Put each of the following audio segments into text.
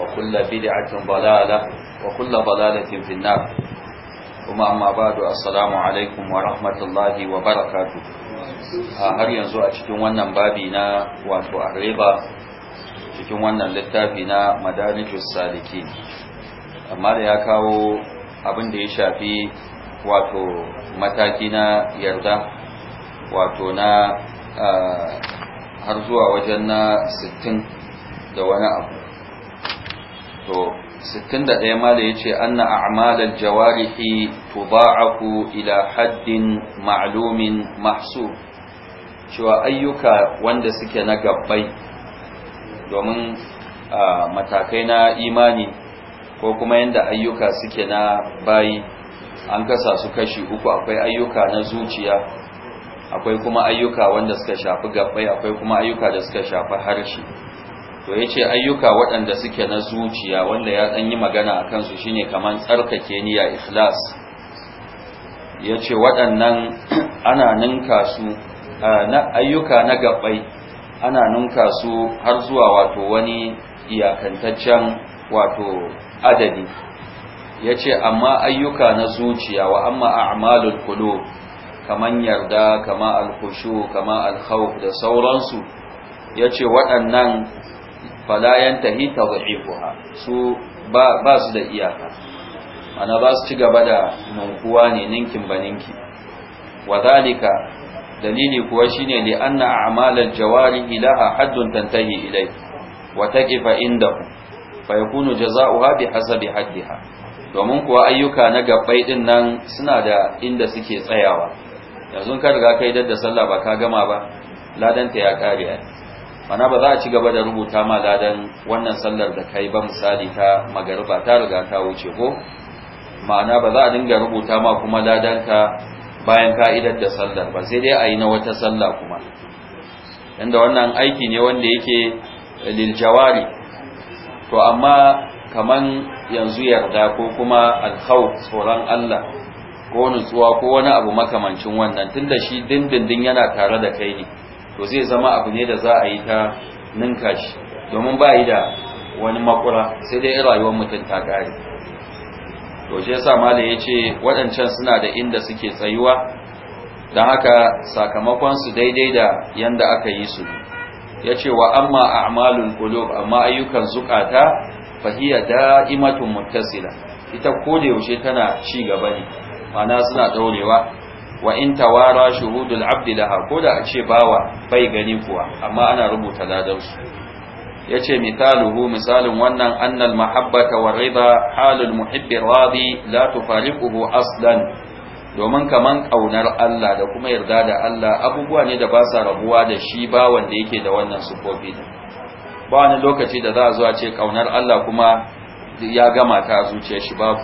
وكل بدعة ضلالة وكل ضلالة في النار ثم أما بعد السلام عليكم ورحمة الله وبركاته har yanzu a cikin wannan babi wato cikin wannan littafi na madarijus saliki amma da ya kawo abin da ya shafi wato mataki na yarda wato na har zuwa wajen na 60 da wani abu to 61 ma da yace anna a'malal jawarihi tudha'afu ila haddin ma'lumin mahsub cewa ayyuka wanda suke na gabbai domin matakai na imani ko kuma yanda ayyuka suke na bayi an kasa su kashi uku akwai ayyuka na zuciya akwai kuma ayyuka wanda suka shafi gabbai akwai kuma ayyuka da suka shafi harshe to ya ce ayyuka waɗanda suke na zuciya wanda ya ɗan yi magana a kansu shine kamar tsarkake niya ikhlas ce waɗannan ana ninka su na ayyuka na gabai ana ninka su har zuwa wato wani iyakantaccen wato adadi ya ce amma ayyuka na zuciya wa amma a'malul Kulu kaman yarda kama alkushu kama alkhawf da sauransu ya ce waɗannan fala yantahi tadhifuha su ba ba su da iyaka ana ba su ci gaba da munkuwa ne ninkin baninki zalika dalili kuwa shine li anna a'malal jawari ilaha haddun tantahi ilai wa taqifa indahu fa yakunu bi hasabi haddiha domin kuwa ayyuka na gabbai din nan suna da inda suke tsayawa yanzu ka ga kai da sallah ba ka gama ba ladanta ya kare mana ba za a ci gaba da rubuta ma ladan wannan sallar da kai ba misali ta magariba ta riga ta wuce ko ma'ana ba za a dinga rubuta ma kuma ladan ka bayan ka'idar da sallar ba sai dai a yi na wata sallah kuma inda wannan aiki ne wanda yake liljawari to amma kaman yanzu yarda ko kuma alkhawf tsoron Allah ko nutsuwa ko wani abu makamancin wannan tunda shi dindindin yana tare da kai ne to zai zama abu ne da za a yi ta ninka shi domin ba yi da wani makura sai dai rayuwar mutum ta ƙare to shi yasa malai ya ce waɗancan suna da inda suke tsayuwa don haka sakamakon su daidai da yanda aka yi su ya ce wa amma a'malul qulub amma ayyukan zukata fahiya da'imatun muttasila ita kodayaushe yaushe tana ci gaba ne ma'ana suna daurewa wa in tawara shuhudul abdi laha ko da a ce bawa bai gani kuwa amma ana rubuta ladan su yace mithaluhu misalin wannan annal mahabbata war rida halul muhibbi radi la tufariquhu aslan domin kaman kaunar Allah da kuma yarda da Allah abubuwa ne da ba sa rabuwa da shi ba wanda yake da wannan sufofi ba wani lokaci da za a zo a ce kaunar Allah kuma ya gama ta zuciyar shi babu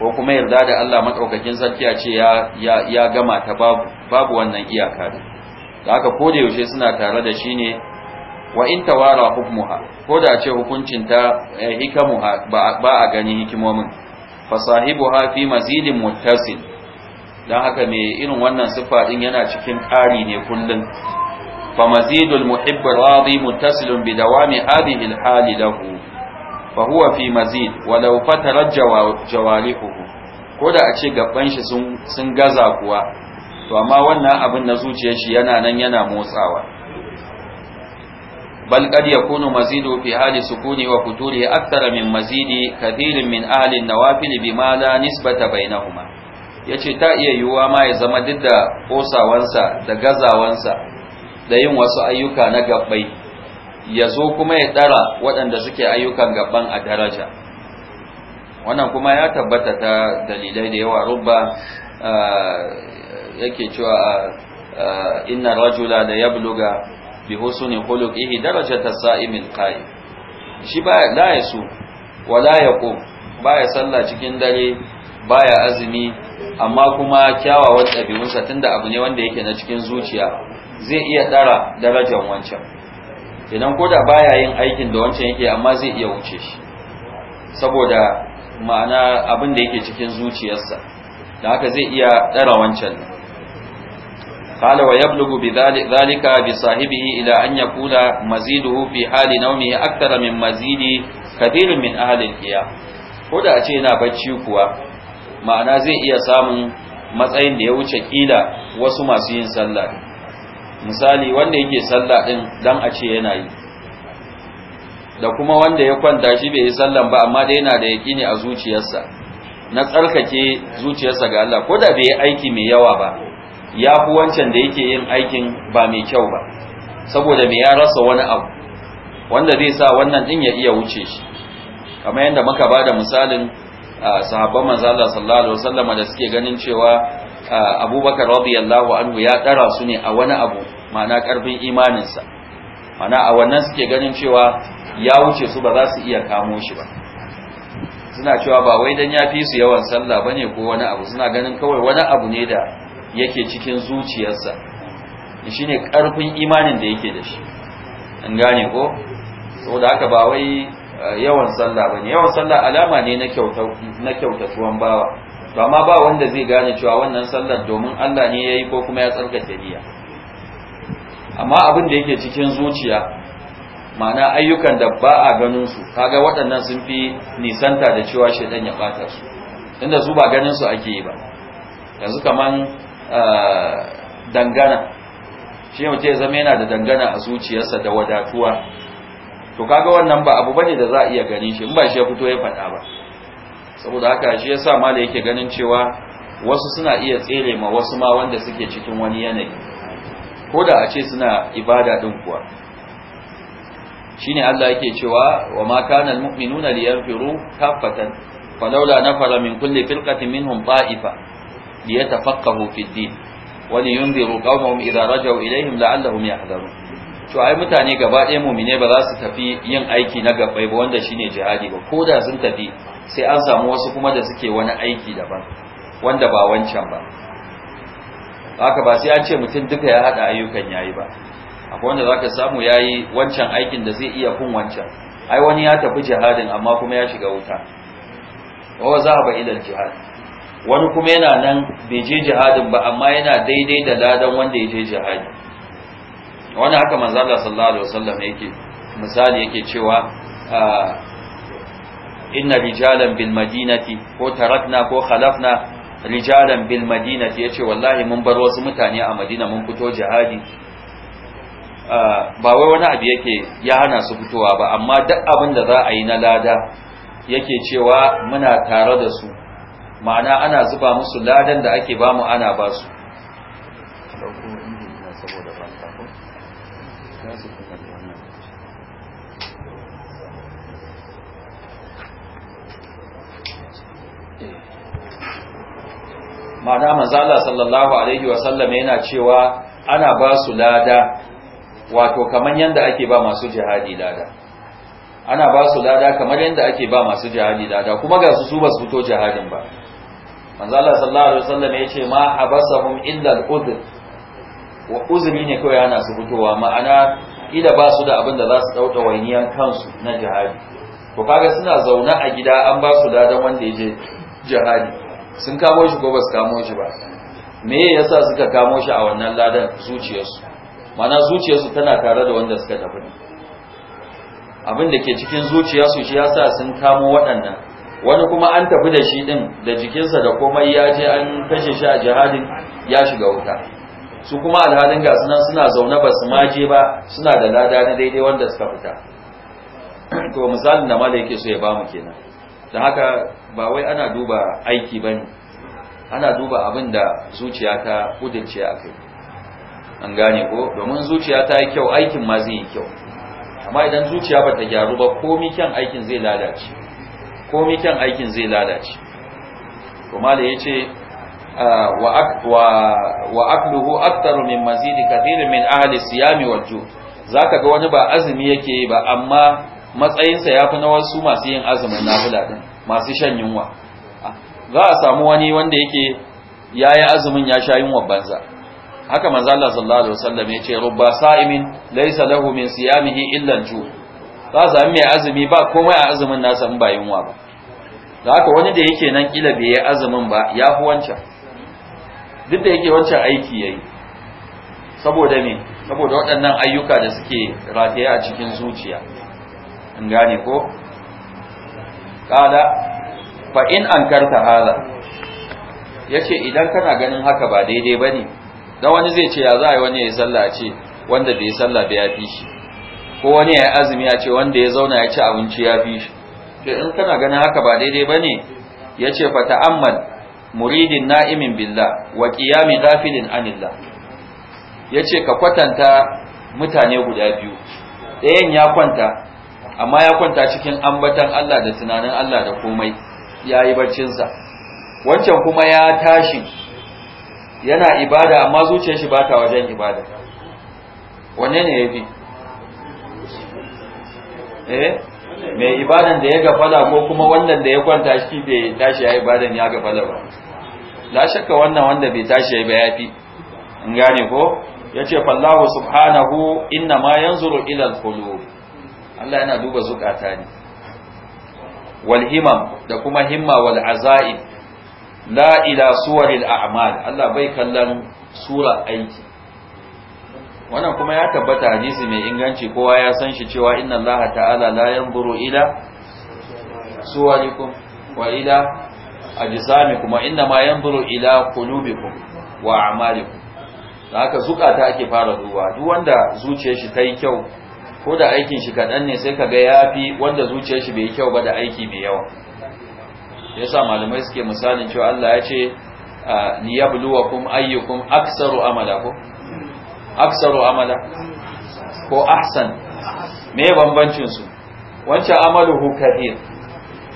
ko kuma yarda da Allah madaukakin sarki ce ya ya gama ta babu babu wannan iyaka da haka ko da yaushe suna tare da shi ne wa in tawara hukmuha ko da ce hukuncin ta eh, hikamuha ba a gani hikimomin fasahibuha fi mazidin muttasil dan haka mai irin wannan sifa din yana cikin ƙari ne kullun fa mazidul muhibb radi muttasilun bi dawami hadhihi al hali lahu fa huwa fi mazid walau fatara jawarihuhu ko da a ce gaban shi sun sun gaza kuwa to amma wannan abin na zuciyar shi yana nan yana motsawa bal qad yakunu mazidu fi hali sukuni wa futuri akthara min mazidi kathirin min ahli an-nawafil bima la nisbata bainahuma yace ta iya yiwuwa ma ya zama duk da kosawansa da gazawansa da yin wasu ayyuka na gabbai ya zo kuma ya ɗara waɗanda suke ayyukan gaban a daraja wannan kuma ya tabbata ta dalilai da yawa rubba yake cewa inna rajula da buluga bi husni daraja darajata sa'imin qa'im shi ba la yasu wala yaqum ya sallah cikin dare ba ya azumi amma kuma kyawawan ɗabi'unsa tunda abu ne wanda yake na cikin zuciya zai iya ɗara darajar wancan idan ko da baya yin aikin da wancan yake amma zai iya wuce shi saboda ma'ana abin da yake cikin zuciyarsa da haka zai iya ɗara wancan wa قال ويبلغ بذلك بصاحبه an أن يكون مزيده في حال نومه min من iya كثير من أهل القيام koda a ce yana bacci kuwa ma'ana zai iya samun matsayin da ya wuce kila wasu masu yin sallah misali wanda yake sallah din dan a ce yana yi da kuma wanda ya kwanta shi bai yi sallan ba amma da yana da yaƙini a zuciyarsa na tsarkake zuciyarsa ga Allah ko da bai yi aiki mai yawa ba ya fi wancan da yake yin aikin ba mai kyau ba saboda mai ya rasa wani abu wanda zai sa wannan din ya iya wuce shi kamar yadda muka ba da misalin ah, sahabban manzo Allah sallallahu alaihi wasallam da suke ganin cewa Uh, abubakar radiyallahu anhu ya tsara su ne a wani abu ma'ana karfin imaninsa ma'ana a wannan suke ganin cewa ya wuce su ba za su iya kamo shi ba suna cewa ba wai dan ya fi su yawan sallah bane ko wani abu suna ganin kawai wani abu ne da yake cikin zuciyarsa ne karfin imanin da yake da shi an gane ko saboda haka ba wai uh, yawan sallah bane yawan sallah alama ne na kyautatuwan bawa to amma ba wanda zai gane cewa wannan sallar domin Allah ne ya yi ko kuma ya tsarkake niyya amma abin da yake cikin zuciya ma'ana ayyukan da ba a ganin su kaga waɗannan sun fi nisanta da cewa shedan ya bata su inda su ba ganin su ake yi ba yanzu kaman eh, dangana shi ne ya zama yana da dangana a zuciyarsa da wadatuwa to kaga wannan ba abu bane da za a iya ganin shi in ba shi ya fito ya faɗa ba saboda haka shi yasa mala yake ganin cewa wasu suna iya tsere ma wasu ma wanda suke cikin wani yanayi ko da a ce suna ibada din kuwa shine Allah yake cewa wa ma kana almu'minuna liyanfiru kaffatan falawla nafara min kulli firqatin minhum ta'ifa liyatafaqahu fid din wa liyunziru qawmahum idha raja'u ilayhim la'allahum yahdharun to ai mutane gaba ɗaya mumine ba za su tafi yin aiki na gabai ba wanda shine jihadi ba ko da sun tafi sai an samu wasu kuma da suke wani aiki daban wanda ba wancan ba haka ba sai an ce mutum duka ya haɗa ayyukan yayi ba akwai wanda zaka samu yayi wancan aikin da zai iya kun wancan ai wani ya tafi jihadin amma kuma ya shiga wuta wa ba ila jihad wani kuma yana nan bai je jihadin ba amma yana daidai da ladan wanda ya je jihadi wanda haka manzala sallallahu alaihi wasallam yake misali yake cewa ah, inna rijalan bil madinati ko tarakna ko khalafna rijalan bil madinati yace wallahi mun bar wasu mutane a madina mun fito jihadi ah, ba wai wani abu yake ya hana su fitowa ba amma duk abin da za a yi na lada yake cewa muna tare da su ma'ana ana zuba musu ladan da ake bamu ana ba su ma'ana manzala sallallahu alaihi wasallam yana cewa ana ba su lada wato kamar yadda ake ba masu jihadi lada ana ba su lada kamar yadda ake ba masu jihadi lada kuma ga su su ba su fito jihadin ba manzala sallallahu alaihi wasallam ya ce ma habasahum illa al-udhr wa uzuri ne kawai ana su fitowa ma'ana kila ba su da abin da za su dauka wainiyan kansu na jihadi to kaga suna zaune a gida an ba su ladan wanda ya je jihadi sun kamo shi ko ba su kamo shi ba me yasa suka kamo shi a wannan ladan zuciyarsu mana zuciyarsu tana tare da wanda suka tafi abin da ke cikin zuciyarsu shi yasa sun kamo waɗannan wani kuma an tafi da shi ɗin, da jikinsa da komai ya je an kashe shi a jihadin ya shiga wuta su kuma alhalin ga sunan suna zaune ba su maje ba suna da lada na daidai wanda suka fita to misalin da ma yake so ya ba mu kenan da haka ba wai ana duba aiki ba ne ana duba abin da zuciya ta kudince a kai an gane ko domin zuciya ta yi kyau aikin ma zai yi kyau amma idan zuciya ba ta gyaru ba komi kyan aikin zai lalace komi kyan aikin zai lalace kuma da ya ce ah, wa akluhu aktaru min mazidi kathirin min ahli siyami wal Za zaka ga wani ba azumi yake yi ba amma matsayinsa yafi na wasu masu yin azumin nafila din masu shan yunwa za a samu wani wanda yake yayi azumin ya sha yunwa banza haka manzo Allah sallallahu alaihi wasallam ce, rubba sa'imin laysa lahu min siyamihi illa al-ju za za mai azumi ba komai a azumin nasa in ba yunwa ba da haka wani da yake nan kila bai yi azumin ba ya fi wancan duk da yake wancan aiki yayi saboda me saboda waɗannan ayyuka da suke rataye a cikin zuciya in gane ko Kala, fa in an ankarta Ya yace idan kana ganin haka ba daidai bane dan wani zai ce ya za a yi wani ya sallah ce wanda bai yi sallah ya fi shi ko wani ya azumi ya ce wanda ya zauna ya ci abinci ya fi shi to in kana ganin haka ba daidai bane yace fa ta'ammal muridin na'imin billah wa qiyami ghafilin anillah yace ka kwatanta mutane guda biyu ɗayan ya kwanta amma ya kwanta cikin ambatan Allah da tunanin Allah da komai ya yi barcinsa wancan kuma ya tashi yana ibada amma zuciyar shi ba ta wajen ibada wanne ne ya fi eh mai ibadan da ya gafala ko kuma wannan da ya kwanta shi bai tashi ya ibadan ya gafala ba la shakka wannan wanda bai tashi ya ba ya fi in gane ko ya ce fallahu subhanahu inna ma yanzuru ila al-qulub Allah yana duba zukata ne wal da kuma himma wal azai la ila suwaril a'mal Allah bai kallon sura aiki wannan kuma ya tabbata hadisi mai inganci kowa ya san shi cewa inna Allah ta'ala la yanzuru ila suwarikum wa ila ajsamikum wa inna ma yanzuru ila qulubikum wa a'malikum haka zukata ake fara duba duk wanda zuciyar shi ta yi kyau ko da aikin shi kaɗan ne sai kaga ya fi wanda zuciyar shi bai yi kyau ba da aiki mai yawa ya sa malamai suke misalin cewa Allah ya ce ni ya buluwa kum ayyukum aksaru amala ko aksaru amala ko ahsan me bambancin su wancan amaluhu kathir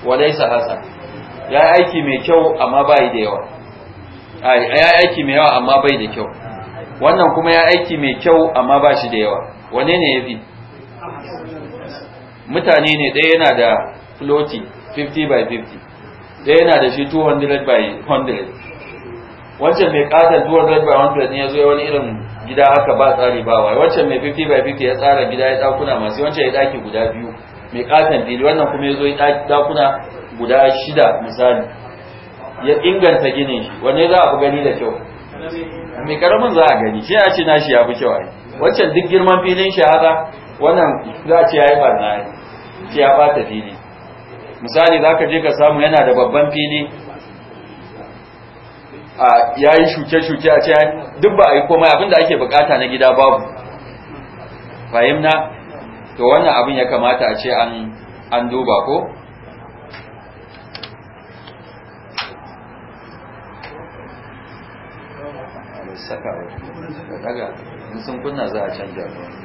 wa laysa hasan ya aiki mai kyau amma bai da yawa ya aiki mai yawa amma bai da kyau wannan kuma ya aiki mai kyau amma ba shi da yawa wane ne ya fi mutane ne ɗaya yana da floating 50 by 50 ɗaya yana da shi 200 by 100 wancan mai ƙatar 200 by 100 ne ya zo wani irin gida haka ba tsari ba wai wancan mai 50 by 50 ya tsara gida ya ɗakuna masu wancan ya ɗaki guda biyu mai ƙatar fili wannan kuma ya zo ya ɗakuna guda shida misali ya inganta ginin shi wanne za a fi gani da kyau mai karamin za a gani shi a ce nashi ya fi kyau ai wancan duk girman filin shi haka wannan za ce ya yi barna ne ce ya bata fili misali za ka je ka samu yana da babban fili a ya yi shuke-shuke a ce duk ba a yi komai abinda ake bukata na gida babu fahimna to wannan abin ya kamata a ce an duba ko saka daga sun kunna za a canja ruwa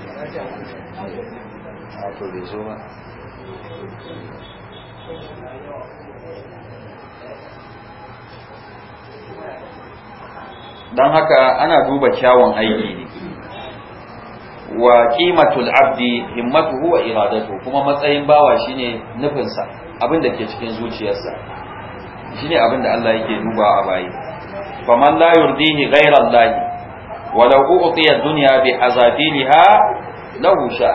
haka ana duba kyawun aiki ne wa kimatul abdi himmatu huwa iradatu kuma matsayin bawa shine nufinsa abin da ke cikin zuciyarsa shine abin da Allah yake duba a bayi faman la yurdihi ghayra Allah wa law uqiya dunya bi azafiliha lahu sha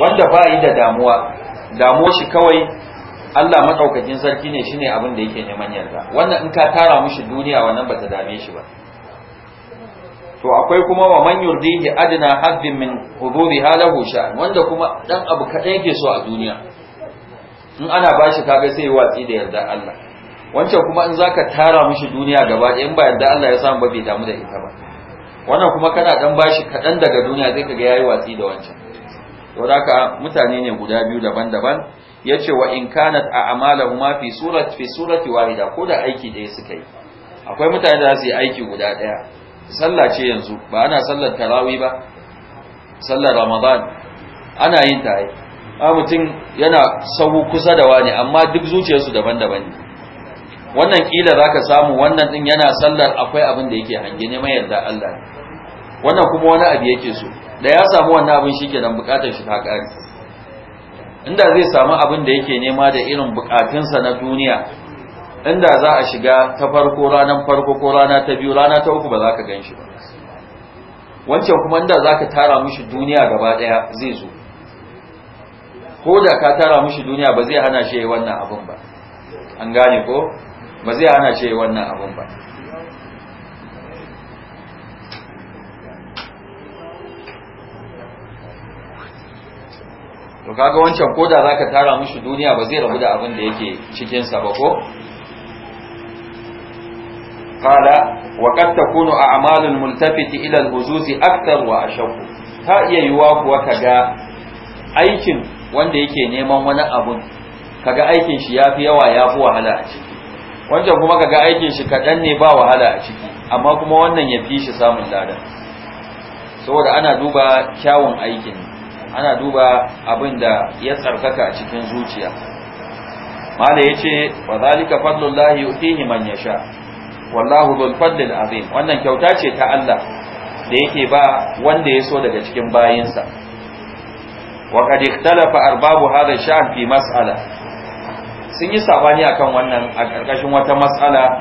wanda ba yi da damuwa damuwa shi kawai Allah maɗaukakin sarki ne shine abin da yake neman yarda wannan in ka tara mushi duniya wannan ba ta dame shi ba to akwai kuma wa man yurdihi adna habbin min hududi halahu sha wanda kuma dan abu kaɗan yake so a duniya in ana bashi kaga sai watsi da yarda Allah wancan kuma in zaka tara mushi duniya gaba ɗaya in ba yarda Allah ya samu ba bai damu da ita ba wannan kuma kana dan bashi kaɗan daga duniya zai kaga yayi watsi da wancan to haka mutane ne guda biyu daban-daban yace wa in kanat ma fi surat fi surati wahida ko da aiki ɗaya suka yi akwai mutane da su yi aiki guda ɗaya sallah ce yanzu ba ana sallar tarawih ba sallar ramadan ana yin ta ai a mutum yana sahu kusa da wani amma duk zuciyarsu daban-daban ne wannan kila zaka samu wannan din yana sallar akwai abin da yake hange mai yarda Allah ne wannan kuma wani abu yake so da ya samu wannan abin shi kenan bukatar shi ta ƙare inda zai samu abin da yake nema da irin bukatunsa na duniya inda za a shiga ta farko ranar farko ko rana ta biyu rana ta uku ba za ka gan shi ba wancan kuma inda za ka tara mushi duniya gaba ɗaya zai zo ko da ka tara mushi duniya ba zai hana shi wannan abin ba an gane ko ba zai hana shi wannan abin ba to kaga wancan koda zaka tara mishi duniya ba zai rabu da abin da yake cikin sa ba ko qala wa qad takunu a'malul multafiti ila al-huzuzi akthar wa ashaq ta iya yuwa kuwa kaga aikin wanda yake neman wani abun kaga aikin shi yafi yawa yafi wahala a ciki wancan kuma kaga aikin shi kadan ne ba wahala a ciki amma kuma wannan yafi shi samun dada. saboda ana duba kyawun aikin ana duba abin da ya tsarkaka a cikin zuciya mala ya ce wa zalika fadlullahi yu'tihi man yasha wallahu dhul fadlil azim wannan kyauta ce ta Allah da yake ba wanda ya so daga cikin bayinsa wa qad ikhtalafa arbabu hadha sha'an fi mas'ala sun yi sabani akan wannan a karkashin wata mas'ala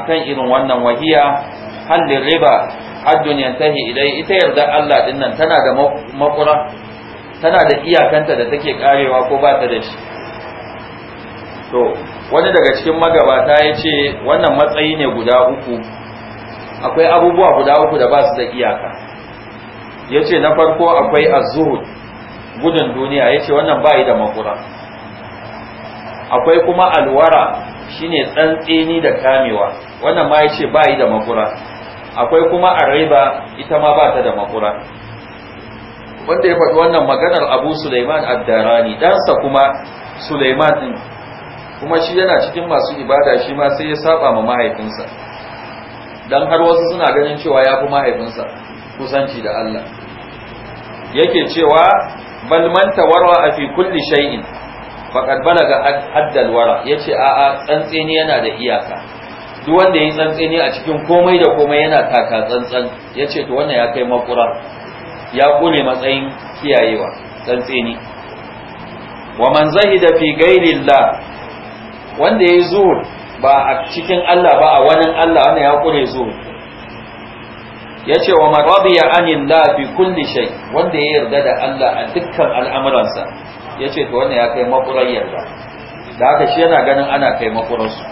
akan irin wannan wahiya hal riba haddun yantahi ilai ita yarda Allah ɗinnan tana da makura tana da iyakanta da take karewa ko ba ta da shi to wani daga cikin magabata ya ce wannan matsayi ne guda uku akwai abubuwa guda uku da ba su da iyaka ya ce na farko akwai azuhud gudun duniya ya ce wannan bayi da makura akwai kuma alwara shine tsantseni da kamewa wannan ma ya ce bayi da makura akwai kuma arriba ita ma ba ta da makura wanda ya faɗi wannan maganar abu suleiman addarani ɗansa kuma suleiman ɗin kuma shi yana cikin masu ibada shi ma sai ya saba ma mahaifinsa don har wasu suna ganin cewa ya fi mahaifinsa kusanci da Allah yake cewa bal man a fi kulli shay'in faqad balaga haddal wara yace a a tsantseni yana da iyaka duk wanda yayi tsantseni a cikin komai da komai yana taka tsantsan yace to wannan ya kai makura ya kone matsayin kiyayewa tsantseni wa man zahida fi ghairillah wanda yayi zuhud ba a cikin Allah ba a wani Allah wanda ya kure zuhud yace wa man radiya anillah fi kulli shay wanda ya yarda da Allah a dukkan al'amuransa yace to wannan ya kai makurar yarda da haka shi yana ganin ana kai makurar su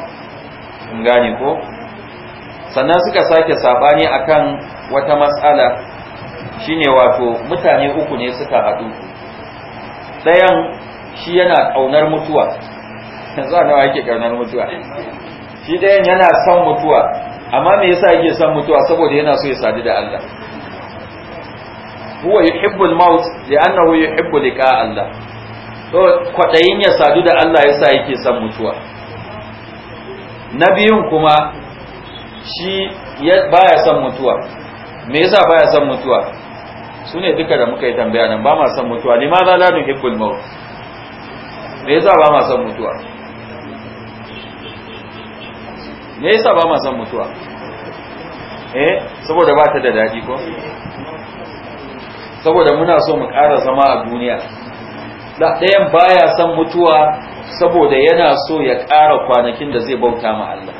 in gane ko sannan suka sake sabani akan wata mas'ala shine wato mutane uku ne suka haɗu ɗayan shi yana ƙaunar mutuwa yanzu a nawa yake ƙaunar mutuwa shi ɗayan yana son mutuwa amma me yasa yake son mutuwa saboda yana so ya sadu da Allah huwa yuhibbu al-maut li'annahu yuhibbu liqa Allah to kwadayin ya sadu da Allah yasa yake son mutuwa nabiyun kuma shi baya son mutuwa me yasa baya son mutuwa su ne duka da muka yi tambaya nan ba ma son mutuwa ne ma za la nuhibbul ne me yasa ba ma son mutuwa me yasa ba ma son mutuwa eh saboda ba ta da daɗi ko saboda muna so mu ƙara zama a duniya ɗayan baya son mutuwa saboda yana so ya ƙara kwanakin da zai bauta ma Allah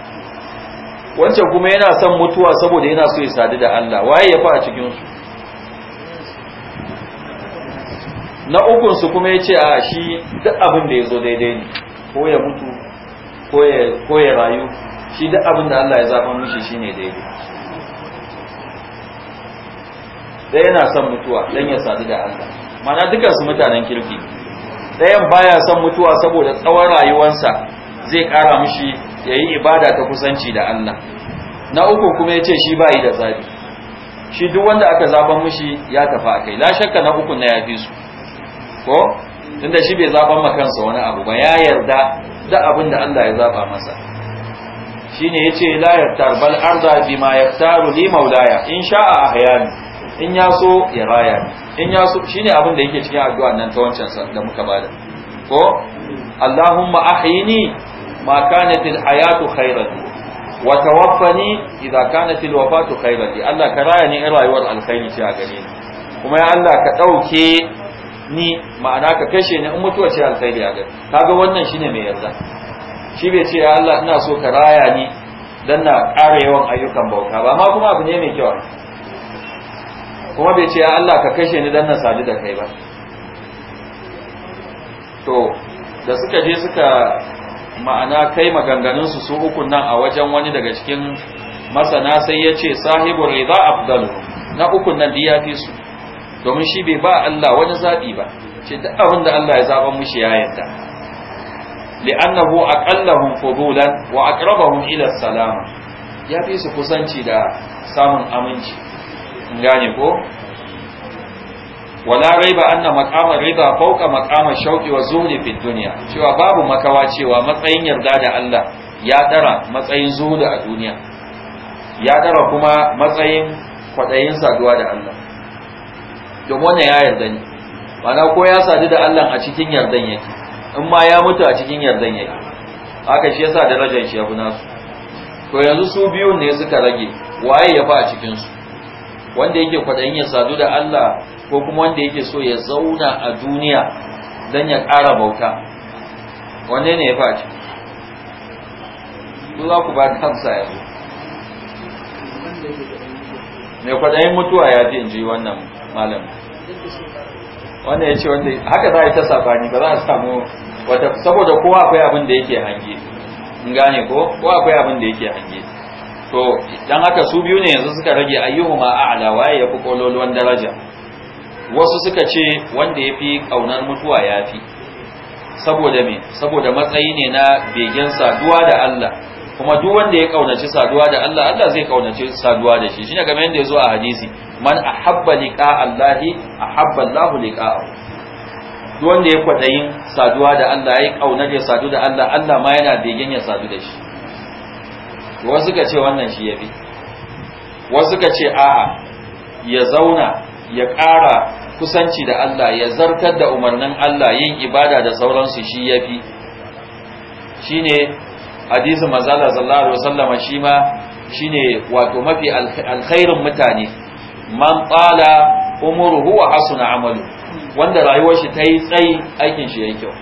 wancan kuma yana son mutuwa saboda yana so ya sadu da Allah waye ya fa a cikinsu na ukun su kuma yace a shi duk abin da yazo daidai ne ko ya mutu ko ya ko ya rayu shi duk abin da Allah ya zaba mishi shine daidai dai yana son mutuwa dan ya sadu da Allah mana dukan su mutanen kirki dayan baya son mutuwa saboda tsawon rayuwarsa zai kara mishi yayi ibada ta kusanci da Allah na uku kuma yace shi bai da zabi shi duk wanda aka zaban mishi ya tafi akai la shakka na uku na yafi su ko tunda shi bai zafan ma kansa wani abu ba ya yarda da abin da Allah ya zaba masa shine yace la yaktar bal arda bima yaktaru li maulaya in sha'a ahyani in ya so ya raya in ya so shine abin da yake cikin addu'a nan ta wancan da muka bada ko Allahumma ahyini ma kanat hayatu khairan wa tawaffani idza kanat wafatu khairan Allah ka raya ni in rayuwar alkhairi ce a gare ni kuma ya Allah ka dauke ni ma'ana ka kashe ni in mutuwa ce alkhairi a gari kaga wannan shine mai yarda shi bai ce ya Allah ina so ka raya ni dan na ƙara yawan ayyukan bauta ba ma kuma abu ne mai kyau kuma bai ce ya Allah ka kashe ni dan na sadu da kai ba to da suka je suka ma'ana kai maganganun su su ukun nan a wajen wani daga cikin masana sai ya ce sahibu ridha afdalu na ukun nan diya fi su domin shi bai ba Allah wani zabi ba ce duk abin da Allah ya zaba mushi ya yarda li'annahu aqallahum fudulan wa aqrabahum ila salama ya fi su kusanci da samun aminci in gane ko wala raiba anna maqama riba fawqa maqama shauqi wa zuhdi fi dunya cewa babu makawa cewa matsayin yarda da Allah ya dara matsayin zuhdi a duniya ya dara kuma matsayin kwadayin saduwa da Allah domin wannan ya yarda ne mana ko ya sadu da Allah a cikin yardan yake in ma ya mutu a cikin yardan yake haka shi yasa darajar shi ya fi nasu to yanzu su biyun ne suka rage waye ya fi a cikin su wanda yake kwaɗayin ya sadu da Allah ko kuma wanda yake so ya zauna a duniya don ya ƙara bauta wanne ne ya fi a ciki su za ku ba kansa yanzu mai kwaɗayin mutuwa ya fi in ji wannan malam wannan ya ce wanda haka za a yi ta sabani ba za a samu wata saboda kowa akwai abin da yake hange in gane ko kowa akwai abin da yake hange to dan haka su biyu ne yanzu suka rage ayyuhu ma a'la waye yafi kololuwan daraja wasu suka ce wanda yafi kaunar mutuwa yafi saboda me saboda matsayi ne na begensa duwa da Allah kuma duk wanda ya kaunaci saduwa da Allah Allah zai kaunaci saduwa da shi shine kamar yadda yazo a hadisi man ahabba liqa Allahi ahabba Allahu liqa'ahu duk wanda ya kwadayin saduwa da Allah ya kauna da sadu da Allah Allah ma yana begen ya sadu da shi wasu ka ce wannan shi yafi wasu ka ce a'a ya zauna ya ƙara kusanci da Allah ya zartar da umarnin Allah yin ibada da sauransu shi yafi shine hadisin manzala sallallahu alaihi wasallam shi ma shine wato mafi alkhairin mutane man tsala umuruhu wa hasuna amalu wanda rayuwar shi ta yi tsayi aikin shi yake kyau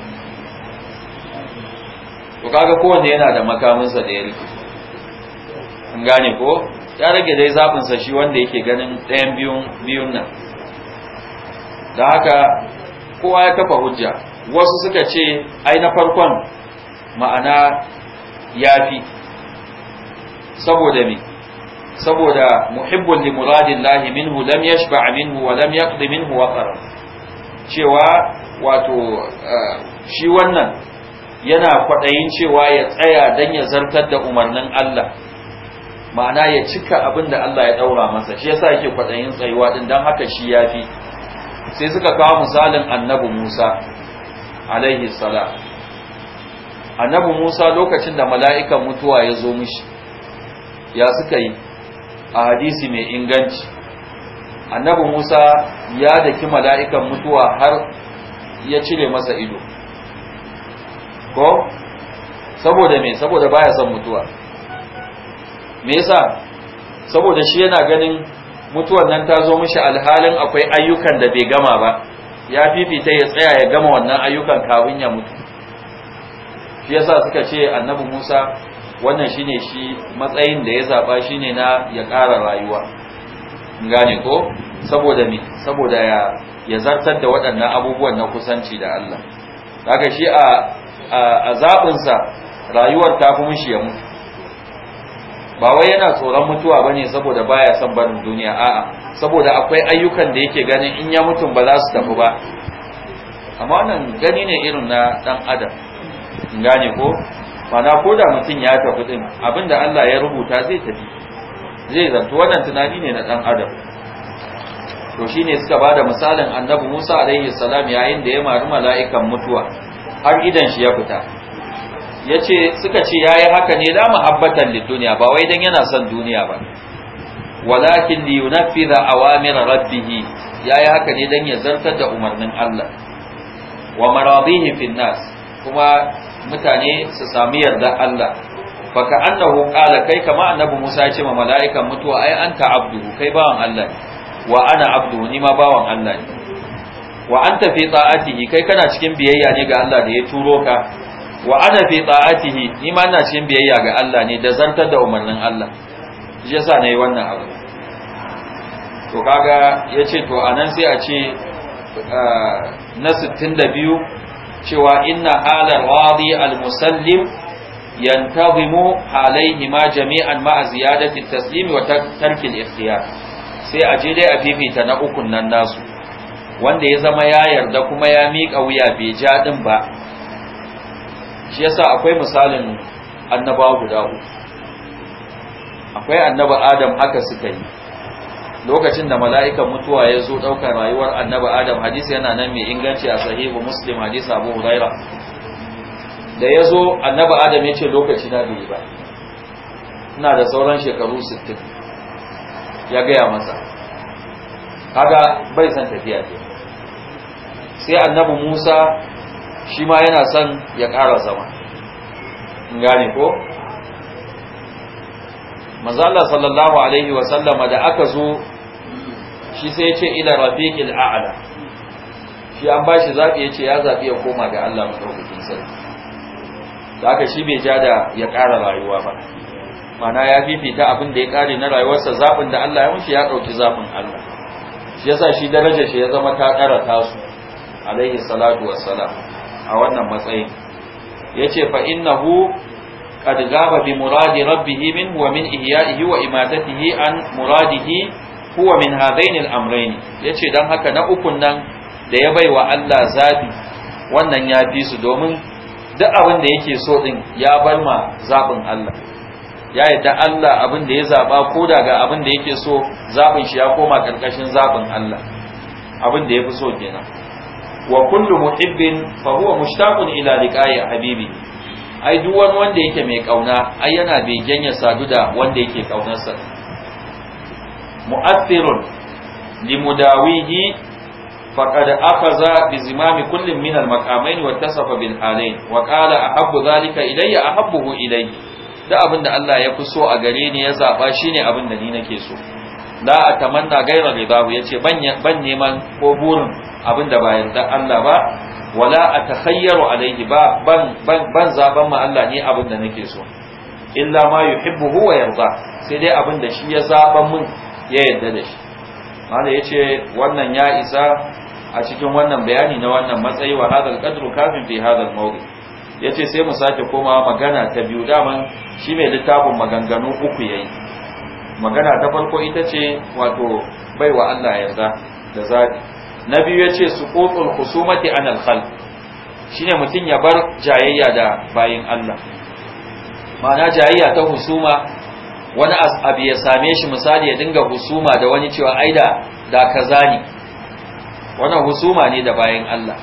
to kaga kowanne yana da makaminsa da ya an gane ko ya rage dai zaɓinsa shi wanda yake ganin ɗayan biyun nan da haka kowa ya kafa hujja wasu suka ce ai na farkon ma'ana Ya fi saboda me saboda muhibbun li muradillahi minhu lam yashba minhu wa lam yaqdi minhu waqara cewa wato eh, shi wannan yana kwadayin cewa ya tsaya dan ya zartar da umarnin Allah ma'ana ya cika abin da Allah ya daura masa shi yasa yake kwadayin tsayuwa din dan haka shi yafi sai suka kawo misalin annabi Musa alaihi salam annabi Musa lokacin da mala'ikan mutuwa ya zo mishi ya suka yi a hadisi mai inganci annabi Musa ya daki mala'ikan mutuwa har ya cire masa ido ko saboda me saboda baya son mutuwa me yasa saboda shi yana ganin mutuwan nan ta zo mishi alhalin akwai ayyukan da bai gama ba ya fifita ya tsaya ya gama wannan ayyukan kafin ya mutu shi yasa suka ce annabi Musa wannan shine shi matsayin da ya zaba shine na ya ƙara rayuwa gane ko saboda me saboda ya ya zartar da waɗannan abubuwan na kusanci da Allah haka shi a a sa rayuwar ta fi shi ya mutu ba wai yana tsoron mutuwa bane saboda baya son barin duniya a'a saboda akwai ayyukan da yake ganin in ya mutum ba za su tafi ba amma wannan gani ne irin na dan adam gane ko fana ko da mutum ya tafi din abinda Allah ya rubuta zai tafi zai zanto wannan tunani ne na dan adam to shine suka bada misalin annabi Musa alaihi salam yayin da ya maru mala'ikan mutuwa har idan shi ya fita yace suka ce yayi haka ne la muhabbatan lid ba wai dan yana son duniya ba walakin li yunaffidha awamir rabbih yayi haka ne dan ya zartar da umarnin Allah wa maradihi fin nas kuma mutane su sami yarda Allah baka annahu qala kai kama annabi Musa ya ce ma mala'ikan mutuwa ai anta abdu kai bawan Allah ne wa ana abdu ni ma bawan Allah ne wa anta fi ta'atihi kai kana cikin biyayya ne ga Allah da ya turo ka wa ana fi ta'atihi ni ma ina cikin biyayya ga Allah ne da zartar da umarnin Allah shi yasa nayi wannan abu to kaga yace to anan sai a ce eh, na sittin da biyu. cewa inna halar radi al-musallim yantazimu alaihi ma jami'an ma'a ziyadati taslimi wa tarkil ikhtiyar sai a je dai a fifita na ukun nan nasu wanda ya zama ya yarda kuma ya miƙa wuya bai ja din ba shi yasa akwai misalin annabawa guda uku akwai annabi Adam haka suka yi lokacin da mala'ikan mutuwa ya zo ɗaukar rayuwar annaba adam hadisi yana nan mai inganci a sahihu muslim hadisi abu huraira da ya zo annaba adam ya ce lokaci na bai ba ina da sauran shekaru 60 ya gaya masa kaga bai san tafiya ce. sai annabi musa shi ma yana son ya ƙara zama gane ko mazala sallallahu alaihi wasallama da aka zo shi sai ya ce ila rafiqil a'la shi an bashi zabi ya ce ya zabi ya koma ga Allah madaukakin sarki haka shi bai ja da ya ƙara rayuwa ba mana ya fifita abin da ya ƙare na rayuwarsa zabin da Allah ya mushi ya ɗauki zaɓin Allah shi yasa shi daraja shi ya zama ta kara tasu alaihi salatu wassalam a wannan matsayin yace fa innahu qad gaba bi muradi rabbih min wa min ihya'ihi wa imatatihi an muradihi huwa min hadainil amrayn yace dan haka na ukun nan da ya baiwa Allah zabi wannan ya fi su domin duk abin da yake so din ya bar ma zabin Allah ya yadda Allah abin da ya zaba ko daga abin da yake so zabin shi ya koma karkashin zabin Allah abin da yafi so kenan wa kullu muhibbin fa huwa mushtaqun ila liqa'i habibi ai duk wani wanda yake mai kauna ai yana begen ya sadu da wanda yake kaunarsa مؤثر لمداويه فقد أخذ بزمام كل من المقامين واتصف بالحالين وقال أحب ذلك إلي أحبه إلي da abin da Allah ya fi so a gare ni ya zaba shine da ni nake so la gairar ghayra ridahu yace ban neman ko burin abin da ba yarda Allah ba wala a alayhi ba ban ban ban zaban ma Allah ne abin da nake so illa ma yuhibbu huwa yarda sai dai abin da shi ya zaban mun ya yadda da shi mana ya ce wannan ya isa a cikin wannan bayani na wannan matsayi wa hadar kadru kafin fi hadar mawuri ya ce sai mu sake koma magana ta biyu daman shi mai littafin maganganu uku ya yi magana ta farko ita ce wato bai wa Allah yarda da zaɓi na biyu ya ce su ƙoƙon husumati an alkhal shi ne mutum ya bar jayayya da bayin Allah ma'ana jayayya ta husuma wani abu ya same shi misali ya dinga husuma da wani cewa aida da kaza ne wannan husuma ne da bayan Allah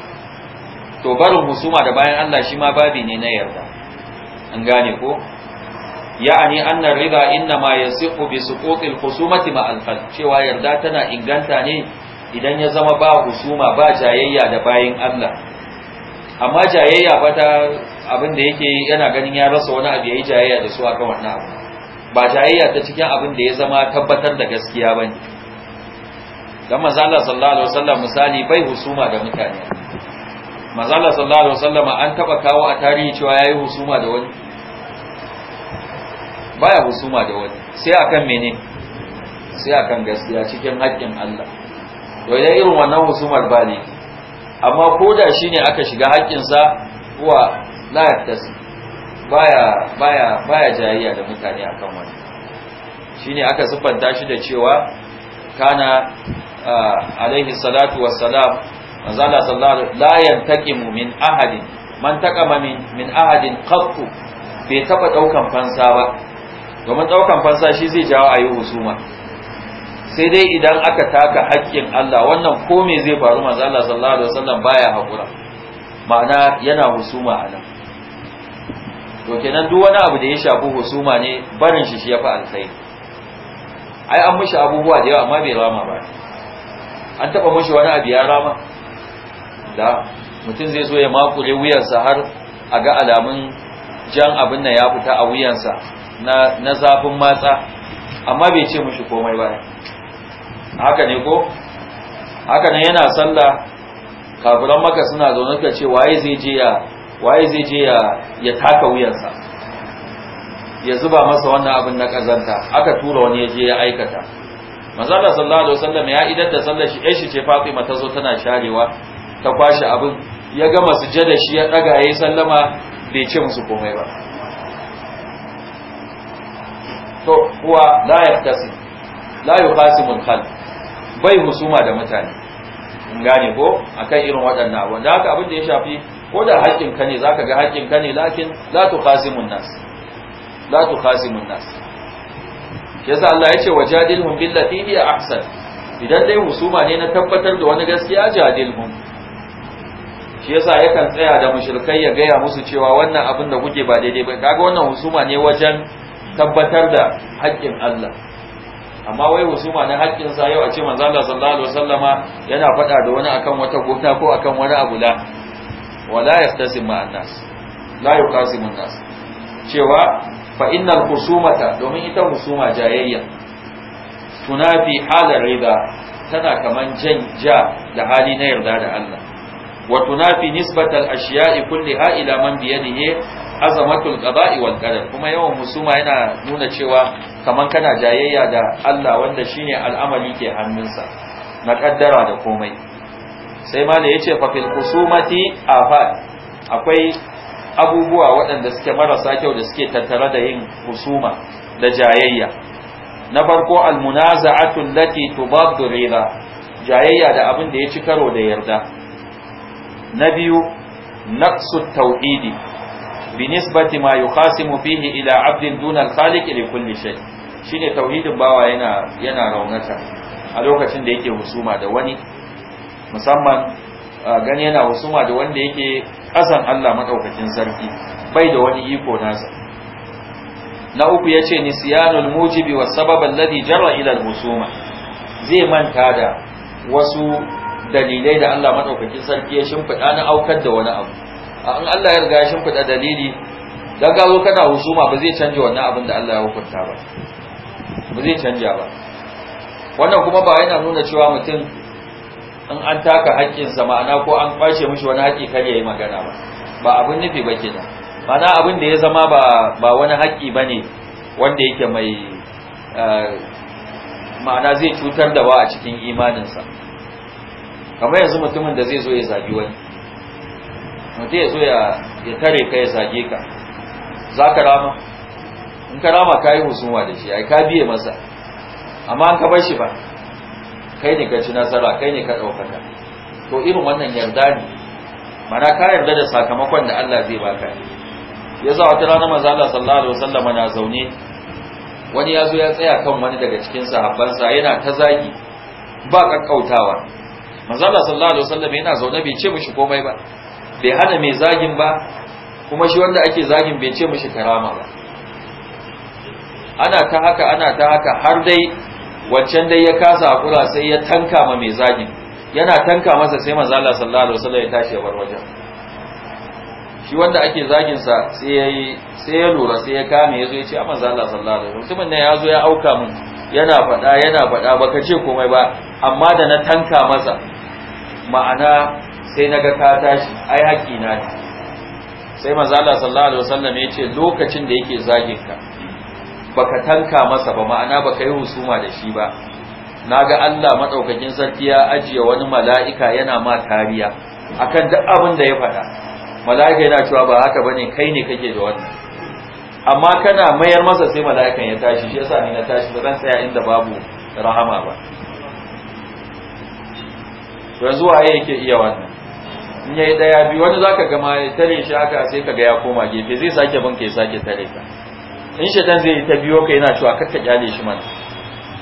to barin husuma da bayan Allah shi ma babi ne na yarda an gane ko ya'ani anna riba inna ma yasiqu bi suqutil husumati ma alfal cewa yarda tana inganta ne idan ya zama ba husuma ba jayayya da bayan Allah amma jayayya ba ta abin da yake yana ganin ya rasa wani abu yayi jayayya da su akan wannan abu ba jayayya ta cikin abin da ya zama tabbatar da gaskiya ba ne don mazala sallallahu alaihi wasallam misali bai husuma da mutane mazala sallallahu alaihi wasallam an taba kawo a tarihi cewa ya yi husuma da wani baya husuma da wani sai akan mene sai akan gaskiya cikin haƙƙin Allah to idan irin wannan husumar ba ne amma ko da shine aka shiga haƙƙinsa kuwa la yattasi baya baya baya jayayya da mutane akan wannan shine aka siffanta shi da cewa kana alaihi salatu wassalam azala sallallahu la yantaqimu min ahadin man taqama min min ahadin qattu bai taba daukan fansa ba domin daukan fansa shi zai jawo ayi husuma sai dai idan aka taka haƙƙin Allah wannan ko me zai faru manzo Allah sallallahu alaihi wasallam baya haƙura ma'ana yana husuma a nan to kenan duk wani abu da ya shafi husuma ne barin shi shi ya fi alkhairi ai an mishi abubuwa da yawa amma bai rama ba an taba mushi wani abu ya rama da mutum zai so ya makure wuyansa har a ga alamun jan abin nan ya fita a wuyansa na na zafin matsa amma bai ce mishi komai ba haka ne ko haka nan yana sallah kafiran maka suna zaune ka ce waye zai je ya waye zai je ya ya taka wuyansa ya zuba masa wannan abin na kazanta aka tura wani ya je ya aikata manzala sallallahu alaihi wasallam ya idan da sallar shi shi ce Fatima ta zo tana sharewa ta kwashi abin ya gama sujada shi ya daga yayi sallama bai ce musu komai ba to huwa la yaftasi la yuqasimul khalq bai husuma da mutane gane ko akan irin waɗannan abin da haka abin da ya shafi ko da haƙƙin ka ne ka ga haƙƙin ka ne lakin tu tukhasimun nas tu tukhasimun nas yasa Allah ya ce wajadilhum billati hiya ahsan idan dai husuma ne na tabbatar da wani gaskiya jadilhum shi yasa yakan tsaya da mushrikai ya gaya musu cewa wannan abin da kuke ba daidai ba kaga wannan husuma ne wajen tabbatar da haƙƙin Allah amma wai husuma na haƙƙin sa yau a ce manzo Allah sallallahu alaihi wasallama yana faɗa da wani akan wata gota ko akan wani abu la wala yaftasim ma'an nas la cewa fa innal husumata domin ita husuma jayayya tunafi halar rida tana kaman jan ja da hali na yarda da Allah wa tunafi nisbatal ashiya'i kulliha ila man bi yadihi azamatul qada'i wal qadar kuma yawan husuma yana nuna cewa kaman kana jayayya da Allah wanda shine al'amari ke hannunsa na kaddara da komai sai ma da yace fa fil kusumati afat akwai abubuwa waɗanda suke marasa kyau da suke tattare da yin kusuma da jayayya na farko al munaza'atu tubaddu rida jayayya da abin da ya ci karo da yarda na biyu naqsu tauhidi bi nisbati ma yukhasimu fihi ila 'abdin duna al-khaliq li kulli shay shine tauhidin bawa yana yana raunata a lokacin da yake husuma da wani musamman gani yana wasuma da wanda yake kasan Allah maɗaukakin sarki bai da wani iko nasa na uku ya ce nisiyanul mujibi wa sababan ladi jarra ilal musuma zai manta da wasu dalilai da Allah maɗaukakin sarki ya shimfiɗa na aukar da wani abu in Allah ya riga ya shimfiɗa dalili dan ka zo kana husuma ba zai canja wannan abin da Allah ya hukunta ba ba zai canja ba wannan kuma ba yana nuna cewa mutum in an taka haƙƙinsa ma'ana ko an kwace mishi wani haƙƙi kar yi magana ba ba abin nufi ba kenan ma'ana abin da ya zama ba ba wani haƙƙi bane wanda yake mai eh, ma'ana zai cutar da wa a cikin imaninsa kamar yanzu mutumin da zai zo ya zagi wani mutum ya zo ya tare ka ya zage ka za ka rama in ka rama ka yi husuma da shi ai ka biye masa amma an ka bar shi ba kai ne ka ci nasara kai ne ka ɗaukaka to irin wannan yarda ne mana ka yarda da sakamakon da Allah zai baka ya za wata rana maza Allah sallallahu alaihi wasallam na zaune wani ya zo ya tsaya kan wani daga cikin sahabbansa yana ta zagi ba kakkautawa maza Allah sallallahu alaihi wasallam yana zaune bai ce mishi komai ba bai hana mai zagin ba kuma shi wanda ake zagin bai ce mishi karama ba ana ta haka ana ta haka har dai waccan dai ya kasa hakura sai ya tanka ma mai zagin yana tanka masa sai manzo Allah sallallahu alaihi wasallam ya tashi ya bar wajen shi wanda ake zagin sa sai ya sai ya lura sai ya kame yazo ya ce manzo Allah sallallahu alaihi wasallam mutumin ne yazo ya auka mun yana faɗa yana faɗa baka ce komai ba amma da na tanka masa ma'ana sai naga ka tashi ai haƙi na ne sai manzo Allah sallallahu alaihi wasallam ya ce lokacin da yake zagin ka baka tanka masa ba ma'ana baka yi husuma da shi ba naga Allah madaukakin sarki ya ajiye wani mala'ika yana ma tariya akan duk abin da ya faɗa mala'ika yana cewa ba haka bane kai ne kake da wannan amma kana mayar masa sai mala'ikan ya tashi shi yasa ni na tashi ba zan tsaya inda babu rahama ba yanzu waye yake iya wannan in yayi daya biyu wani zaka ga ma tare shi haka sai kaga ya koma gefe zai sake bin ya sake tare ka in shaitan zai ta biyo ka yana cewa kakka kyale shi mana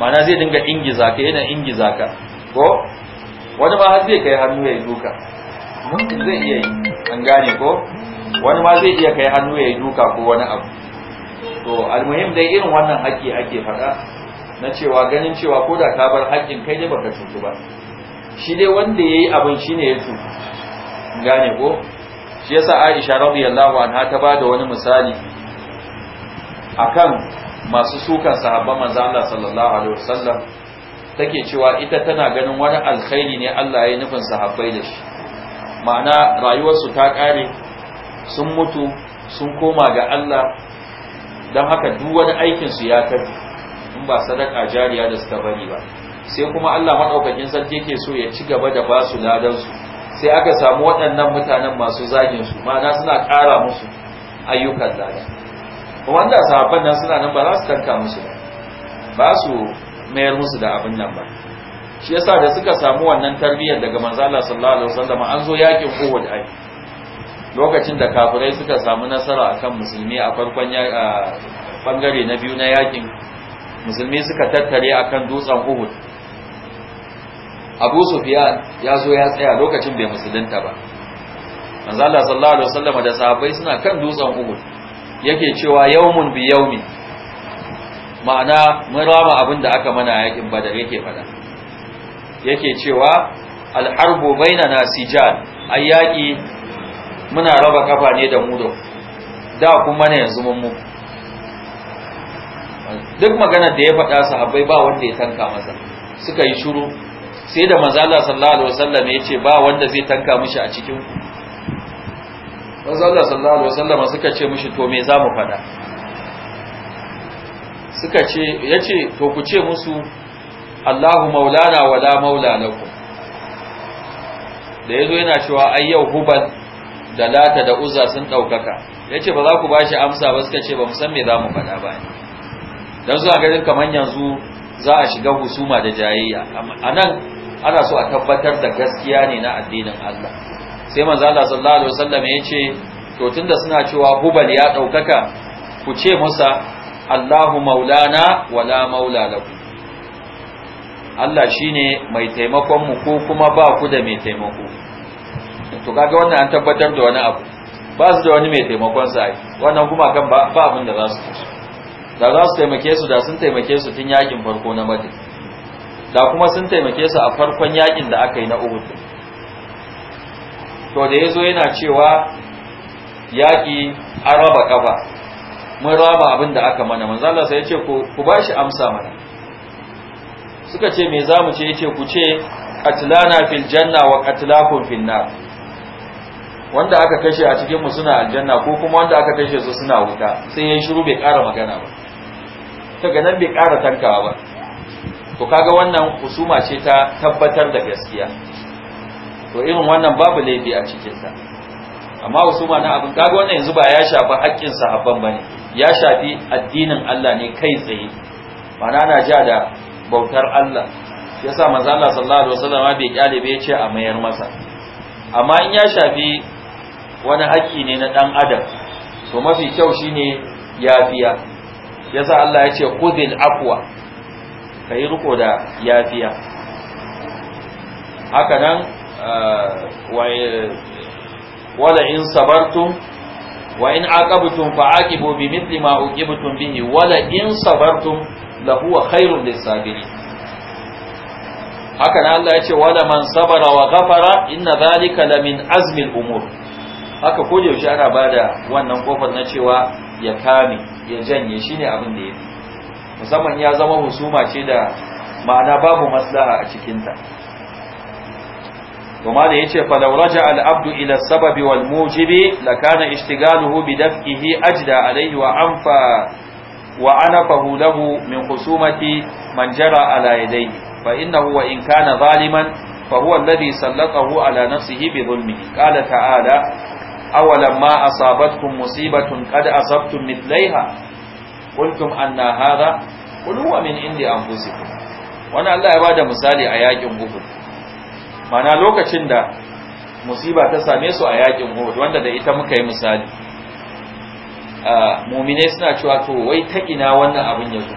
mana zai dinga ingiza ka yana ingiza ka ko wani ma har zai kai hannu ya yi duka mun zai iya yi an gane ko wani ma zai iya kai hannu ya yi duka ko wani abu to almuhim dai irin wannan haƙƙi ake faɗa na cewa ganin cewa ko da ka bar haƙƙin kai dai baka cutu ba shi dai wanda yayi abin ne ya cutu gane ko shi yasa Aisha radiyallahu anha ta bada wani misali akan masu sukan sahabban manzo Allah sallallahu alaihi wasallam take cewa ita tana ganin wani alkhairi ne Allah ya yi nufin sahabbai da shi ma'ana rayuwarsu ta kare sun mutu sun koma ga Allah dan haka duk wani aikin su ya tafi in ba sadaka jariya da suka bari ba sai kuma Allah maɗaukakin sarki yake so ya ci gaba da ba su ladansu sai aka samu waɗannan mutanen masu zagin su ma'ana suna ƙara musu ayyukan lada wanda sahabban nan suna nan ba za su tanka musu ba ba su mayar musu da abin nan ba shi yasa da suka samu wannan tarbiyyar daga manzo Allah sallallahu alaihi wasallam an zo yakin Uhud ai lokacin da kafirai suka samu nasara akan musulmi a farkon bangare na biyu na yakin musulmi suka tattare akan dutsen Uhud Abu Sufyan ya zo ya tsaya lokacin bai musulunta ba manzo Allah sallallahu alaihi wasallam da sahabbai suna kan dutsen Uhud yake cewa yawmun bi yawmi ma'ana mun rama abin da aka mana yakin badar yake fada yake cewa alharbu bainana sijan ai yaki muna raba kafa ne da mu da da kuma ne yanzu mun mu duk magana da ya faɗa sahabbai ba wanda ya tanka masa suka yi shiru sai da manzo Allah sallallahu alaihi wasallam ya ce ba wanda zai tanka mishi a cikin ku manzo Allah sallallahu alaihi wasallam suka ce mishi to me zamu faɗa suka ce yace to ku ce musu Allahu maulana wala maula lakum da yazo yana cewa ai yau hubal da lata da uzza sun daukaka yace ba za ku bashi amsa ba suka ce ba mu san me zamu faɗa ba ne dan zuwa garin kaman yanzu za a shiga husuma da jayayya anan ana so a tabbatar da gaskiya ne na addinin Allah sai manzo Allah sallallahu alaihi wasallam ya ce to tunda suna cewa hubal ya daukaka ku ce musa Allahu maulana wala maula lahu Allah shine mai taimakon mu ko kuma ba ku da mai taimako to kaga wannan an tabbatar da wani abu ba su da wani mai taimakon sa wannan kuma kan ba abin da za su da za su taimake su da sun taimake su tun yakin farko na Madina da kuma sun taimake su a farkon yakin da aka yi na Uhud to da ya zo yana cewa yaƙi an raba ƙafa mun raba abin da aka mana manzala sai ya ce ku ba shi amsa mana suka ce me za mu ce ya ce ku ce katilana fil janna wa katilakun fil nar wanda aka kashe a cikinmu suna aljanna ko kuma wanda aka kashe su suna wuta sai ya shiru bai ƙara magana ba Ta nan bai ƙara tankawa ba to kaga wannan husuma ce ta tabbatar da gaskiya to irin wannan babu laifi a cikinsa amma wasu ma na abin kaga wannan yanzu ba ya shafi haƙƙin sahabban bane ya shafi addinin Allah ne kai tsaye mana ana ja da bautar Allah yasa manzo Allah sallallahu alaihi wasallam bai kyale bai ce a mayar masa amma in ya shafi wani haƙƙi ne na dan adam to mafi kyau shine yafiya yasa Allah ya ce qudil aqwa kai riko da yafiya haka nan wala in sabartum wa in aqabtum fa aqibu bi mithli ma uqibtum bihi wala in sabartum la huwa khairun haka nan Allah yace wala man sabara wa ghafara inna zalika la min umur haka ko yaushe ana bada wannan kofar na cewa ya kame ya janye shine abin da yake musamman ya zama husuma ce da ma'ana babu maslaha a cikinta kuma da yace fa law raja al abdu ila sababi wal mujibi lakana ishtigaluhu bi daf'ihi ajda alayhi wa anfa wa anafahu lahu min khusumati man jara ala yadayhi fa innahu wa in kana zaliman fa huwa alladhi sallatahu ala nafsihi bi dhulmihi qala ta'ala awalamma asabatkum musibatun qad asabtum mithlaiha qultum anna hadha qul huwa min indi anfusikum Wani Allah ya bada misali a yakin Uhud mana lokacin da musiba ta same su a yakin Uhud wanda da ita muka yi misali mumine suna cewa to wai ta ina wannan abin ya zo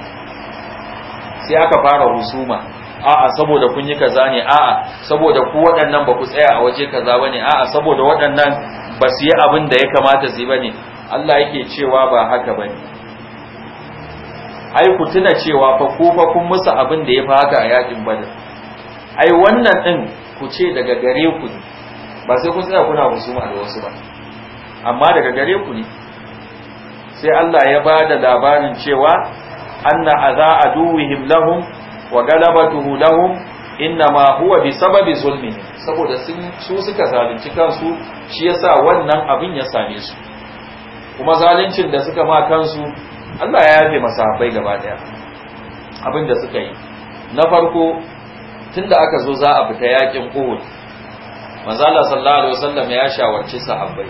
sai aka fara husuma a'a saboda kun yi kaza ne a'a saboda ku waɗannan ba ku tsaya a waje kaza bane a'a saboda waɗannan ba su yi abin da ya kamata su yi bane Allah yake cewa ba haka bane ai ku tuna cewa fa ku fa kun musu abin da ya fi haka a yakin badar ai wannan din ku ce daga gare ku ne ba sai kun tsaya kuna husuma da wasu ba amma daga gare ku ne sai Allah ya ba da labarin cewa anna aza aduwihim lahum wa galabatuhu lahum ma huwa bi sababi zulmi saboda sun su suka zalunci kansu shi yasa wannan abin ya same su kuma zaluncin da suka ma kansu Allah ya yafe masahabbai gaba daya abin da suka yi na farko tunda aka zo za a fita yakin Uhud manzo Allah sallallahu alaihi wasallam ya shawarci sahabbai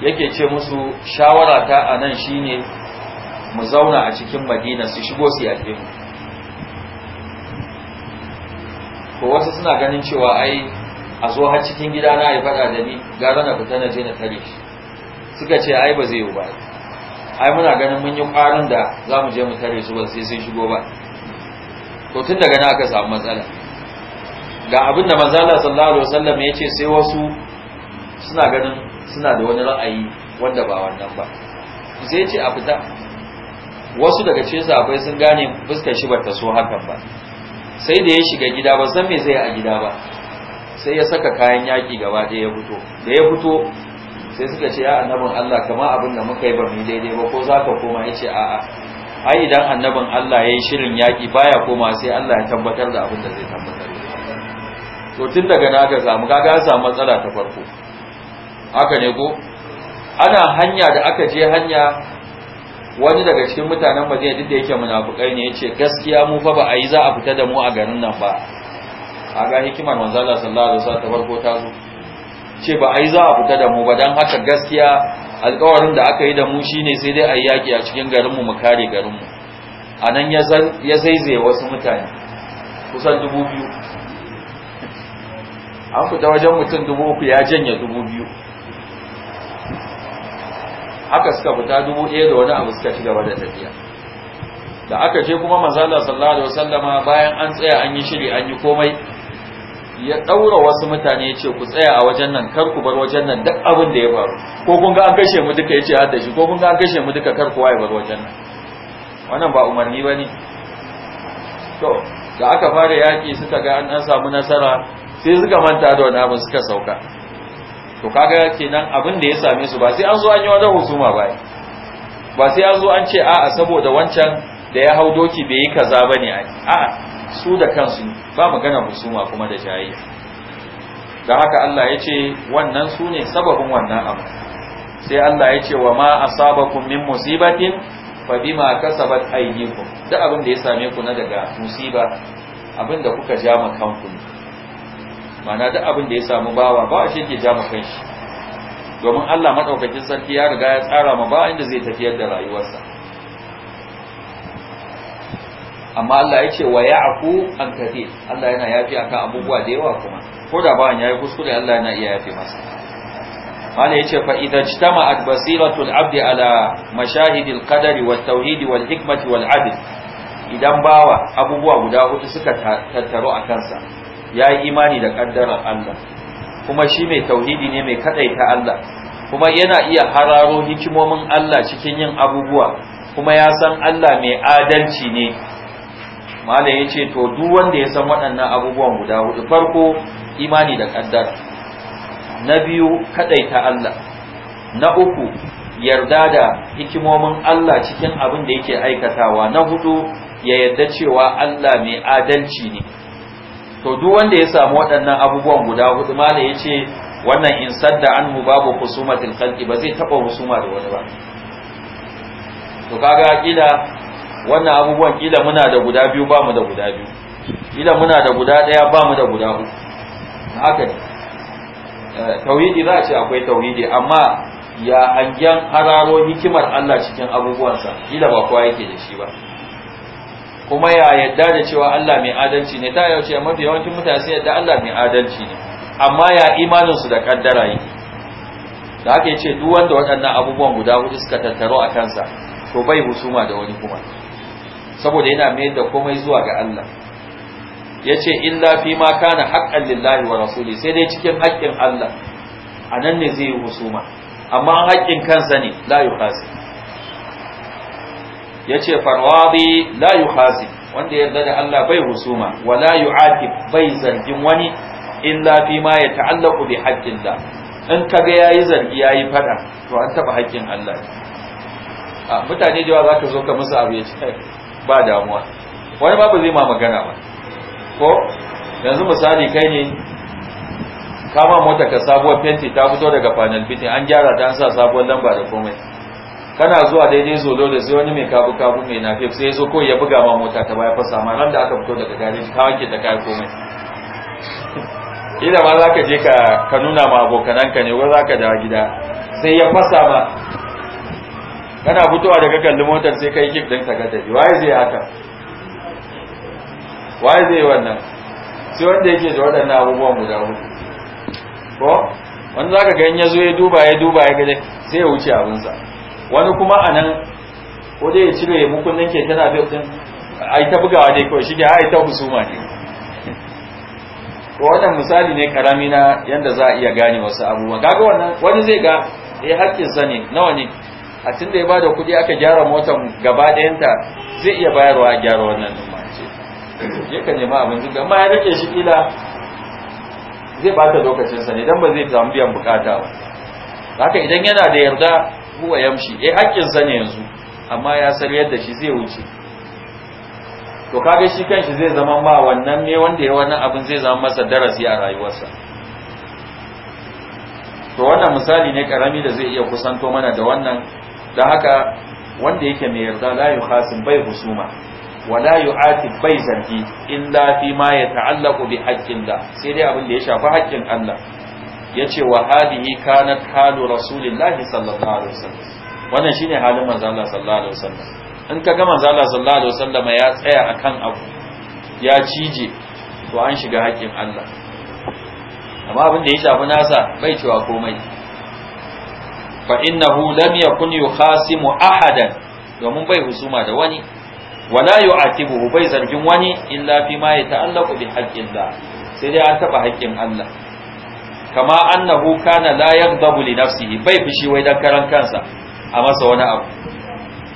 yake ce musu shawara ta anan shine mu zauna a cikin Madina su shigo su yake mu ko wasu suna ganin cewa ai a zo har cikin gida na ai fada da ni gara na fita na je na tare shi suka ce ai ba zai yi ba ai muna ganin mun yi ƙwarin da za mu je mu tare su ba sai sun shigo ba to tun daga nan aka samu matsala ga abin da manzala sallallahu alaihi wasallam ya ce sai wasu suna ganin suna da wani ra'ayi wanda ba wannan ba sai ce a fita wasu daga cikin sahabbai sun gane fuskar shi bata so hakan ba sai da ya shiga gida ba san me zai a gida ba sai ya saka kayan yaki gaba ɗaya ya fito da ya fito sai suka ce ya annabin Allah kamar abin da muka yi ba mu daidai ba ko zaka koma yace a'a ai idan annabin Allah ya yi shirin yaƙi baya koma sai Allah ya tabbatar da abin da zai tabbatar to tun daga na ga samu ga ga samu matsala ta farko haka ne ko ana hanya da aka je hanya wani daga cikin mutanen Madina duk da yake munafukai ne yace gaskiya mu fa ba a yi za a fita da mu a garin nan ba kaga hikimar manzo Allah sallallahu alaihi wasallam ta farko ta zo ce ba a yi za a fita da mu ba dan haka gaskiya alkawarin da aka yi da mu shi ne sai dai a yi yaƙi a cikin garinmu mu kare garinmu a nan ya zaizaye wasu mutane kusan dubu biyu an fita wajen mutum dubu uku ya janye dubu biyu haka suka fita dubu ɗaya da wani abu suka ci gaba da tafiya da aka ce kuma manzala sallallahu alaihi wasallama bayan an tsaya an yi shiri an yi komai ya ɗaura wasu mutane ya ce ku tsaya a wajen nan kar ku bar wajen nan duk abin da ya faru ko kun ga an kashe mu duka ya ce hadda shi ko kun ga an kashe mu duka kar ku waye bar wajen nan wannan ba umarni ba ne to da aka fara yaƙi suka ga an samu nasara sai suka manta da wani abin suka sauka to kaga kenan abin da ya same su ba sai an zo an yi wani husuma ba ba sai an zo an ce a'a saboda wancan da ya hau doki bai yi kaza bane a'a su da kansu ba magana musuma kuma da jayayya da haka Allah ya ce wannan su ne sababin wannan abu sai Allah ya ce wa ma asabakum min musibatin fa bima kasabat aydikum duk abin da ya same ku na daga musiba abin da kuka ja ma kanku ma'ana duk abin da ya samu bawa ba shi ke ja ma kanshi domin Allah madaukakin sarki ya riga ya tsara ma ba inda zai tafiyar da rayuwarsa amma Allah ya ce wa ya an kathir Allah yana yafi akan abubuwa da yawa kuma ko da ya yayi kuskure Allah yana iya yafi masa ce yace fa idza basiratu basiratul abdi ala mashahidil qadari wa tauhidi wal hikmati wal adl idan bawa abubuwa guda hudu suka tattaro a kansa yayi imani da kaddarar Allah kuma shi mai tauhidi ne mai ta Allah kuma yana iya hararo hikimomin Allah cikin yin abubuwa kuma ya san Allah mai adalci ne malam ya ce to duk wanda ya san waɗannan abubuwan guda hudu farko imani da ƙaddar na biyu ta Allah na uku yarda da hikimomin Allah cikin abin da yake aikatawa na hudu ya yarda cewa Allah mai adalci ne to duk wanda ya samu waɗannan abubuwan guda hudu malam ya ce wannan in sadda anhu babu husumatil khalqi ba zai taɓa husuma da wani ba to kaga akida wannan abubuwan kila muna da guda biyu ba mu da guda biyu kila muna da guda daya ba mu da guda uku haka ne eh, tauhidi za a ce akwai tauhidi amma ya hangen hararo hikimar Allah cikin abubuwansa kila ba kowa yake da shi ba kuma ya yadda da cewa Allah mai adalci ne ta yaushe mafi yawancin mutane sai yadda Allah mai adalci ne amma ya imaninsu da kaddara yake da haka yace duk wanda waɗannan abubuwan guda hudu suka tattaro a kansa to bai husuma da wani kuma saboda yana mayar da komai zuwa ga Allah yace illa fi ma kana haqqan lillahi wa rasuli sai dai cikin haƙƙin Allah anan ne zai yi husuma amma haƙƙin kansa ne la Ya yace farwadi la hasi, wanda yarda da Allah bai husuma wala yu'atib bai zargin wani illa fi ma ya yata'allaqu bi da. in kaga yayi zargi yayi fada to an taba haƙƙin Allah mutane da yawa zaka zo ka musu abu ya ce ba damuwa wani babu zai ma magana ba ko yanzu misali kai ne kama mota ka sabuwar fenti ta fito daga panel fitin an gyara ta an sa sabuwar lamba da komai kana zuwa daidai zolo da sai wani mai kabu kabu mai nafif sai zo kawai ya buga ma mota ta baya fasa ma ran da aka fito daga gari ka wanke ta kai komai idan ma za ka je ka nuna ma abokananka ne ko za ka dawo gida sai ya fasa ma kana fitowa daga kalli motar sai kai kif din ga tafi waye zai haka waye zai wannan sai wanda yake da waɗannan abubuwan guda hudu ko wanda zaka ga in ya zo ya duba ya duba ya gaje sai ya wuce abinsa wani kuma anan ko dai ya cire ya mukunnin ke tana bil din ai ta bugawa dai kawai shi ke ai ta husuma ne Ko wannan misali ne karami na yanda za a iya gane wasu abubuwa kaga wannan wani zai ga eh hakkin ne nawa ne a tun da ya bada kuɗi aka gyara motar gaba ɗayanta zai iya bayarwa a gyara wannan numance ya kan nema abin zuga amma ya rike shi kila zai bata lokacinsa ne don ba zai samu biyan bukata ba haka idan yana da yarda huwa yamshi eh haƙƙin ne yanzu amma ya san yadda shi zai wuce to kaga shi kanshi zai zama ma wannan ne wanda ya wannan abin zai zama masa darasi a rayuwarsa to wannan misali ne karami da zai iya kusanto mana da wannan da haka wanda yake mai yarda la yukhasim bai husuma wa la yu'ati bai zargi illa fi ma ya ta'allaku bi haƙƙin da. sai dai abin da ya shafi haƙƙin Allah ya ce wa hadihi kanat halu rasulillahi sallallahu alaihi wasallam wannan shine halin manzo Allah sallallahu alaihi wasallam in ka ga manzo Allah sallallahu alaihi wasallam ya tsaya akan abu ya cije to an shiga haƙƙin Allah amma abin da ya shafi nasa bai cewa komai fa innahu lam yakun yukhasimu ahadan domin bai husuma da wani wala yu'atibuhu bai zargin wani illa fi ma yata'allaqu bi haqqillah sai dai an taba haƙƙin Allah kama an annahu kana la yaghdabu li nafsihi bai fushi wai dan karankansa kansa a masa wani abu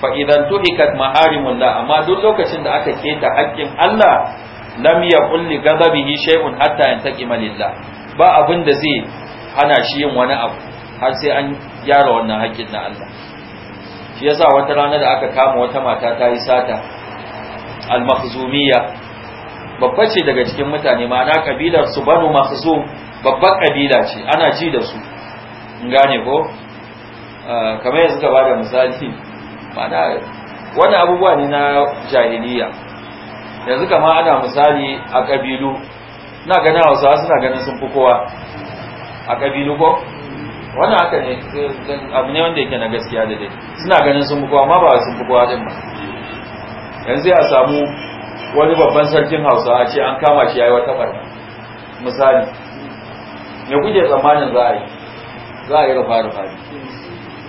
fa idan tuhikat maharimullah amma duk lokacin da aka keta haƙƙin Allah lam yaqul li ne shay'un hatta yantaqima lillah ba abin da zai hana shi yin wani abu har sai an gyara wannan haƙƙin na Allah shi yasa wata rana da aka kama wata mata ta yi sata al-makhzumiyya babba ce daga cikin mutane ma'ana kabilar su banu makhzum babban kabila ce ana ji da su in gane ko ah, kamar yanzu gaba da misali ma'ana wani abubuwa ne na jahiliya yanzu kama ana misali a kabilu na gana wasu suna ganin sun fi kowa a kabilu ko wannan haka ne abu ne wanda yake na gaskiya da dai suna ganin sun fi kowa amma ba sun fi kowa din ba yanzu ya samu wani babban sarkin hausa a ce an kama shi ya yi wata barna misali ya kuke tsammanin za a yi za a yi rufa rufa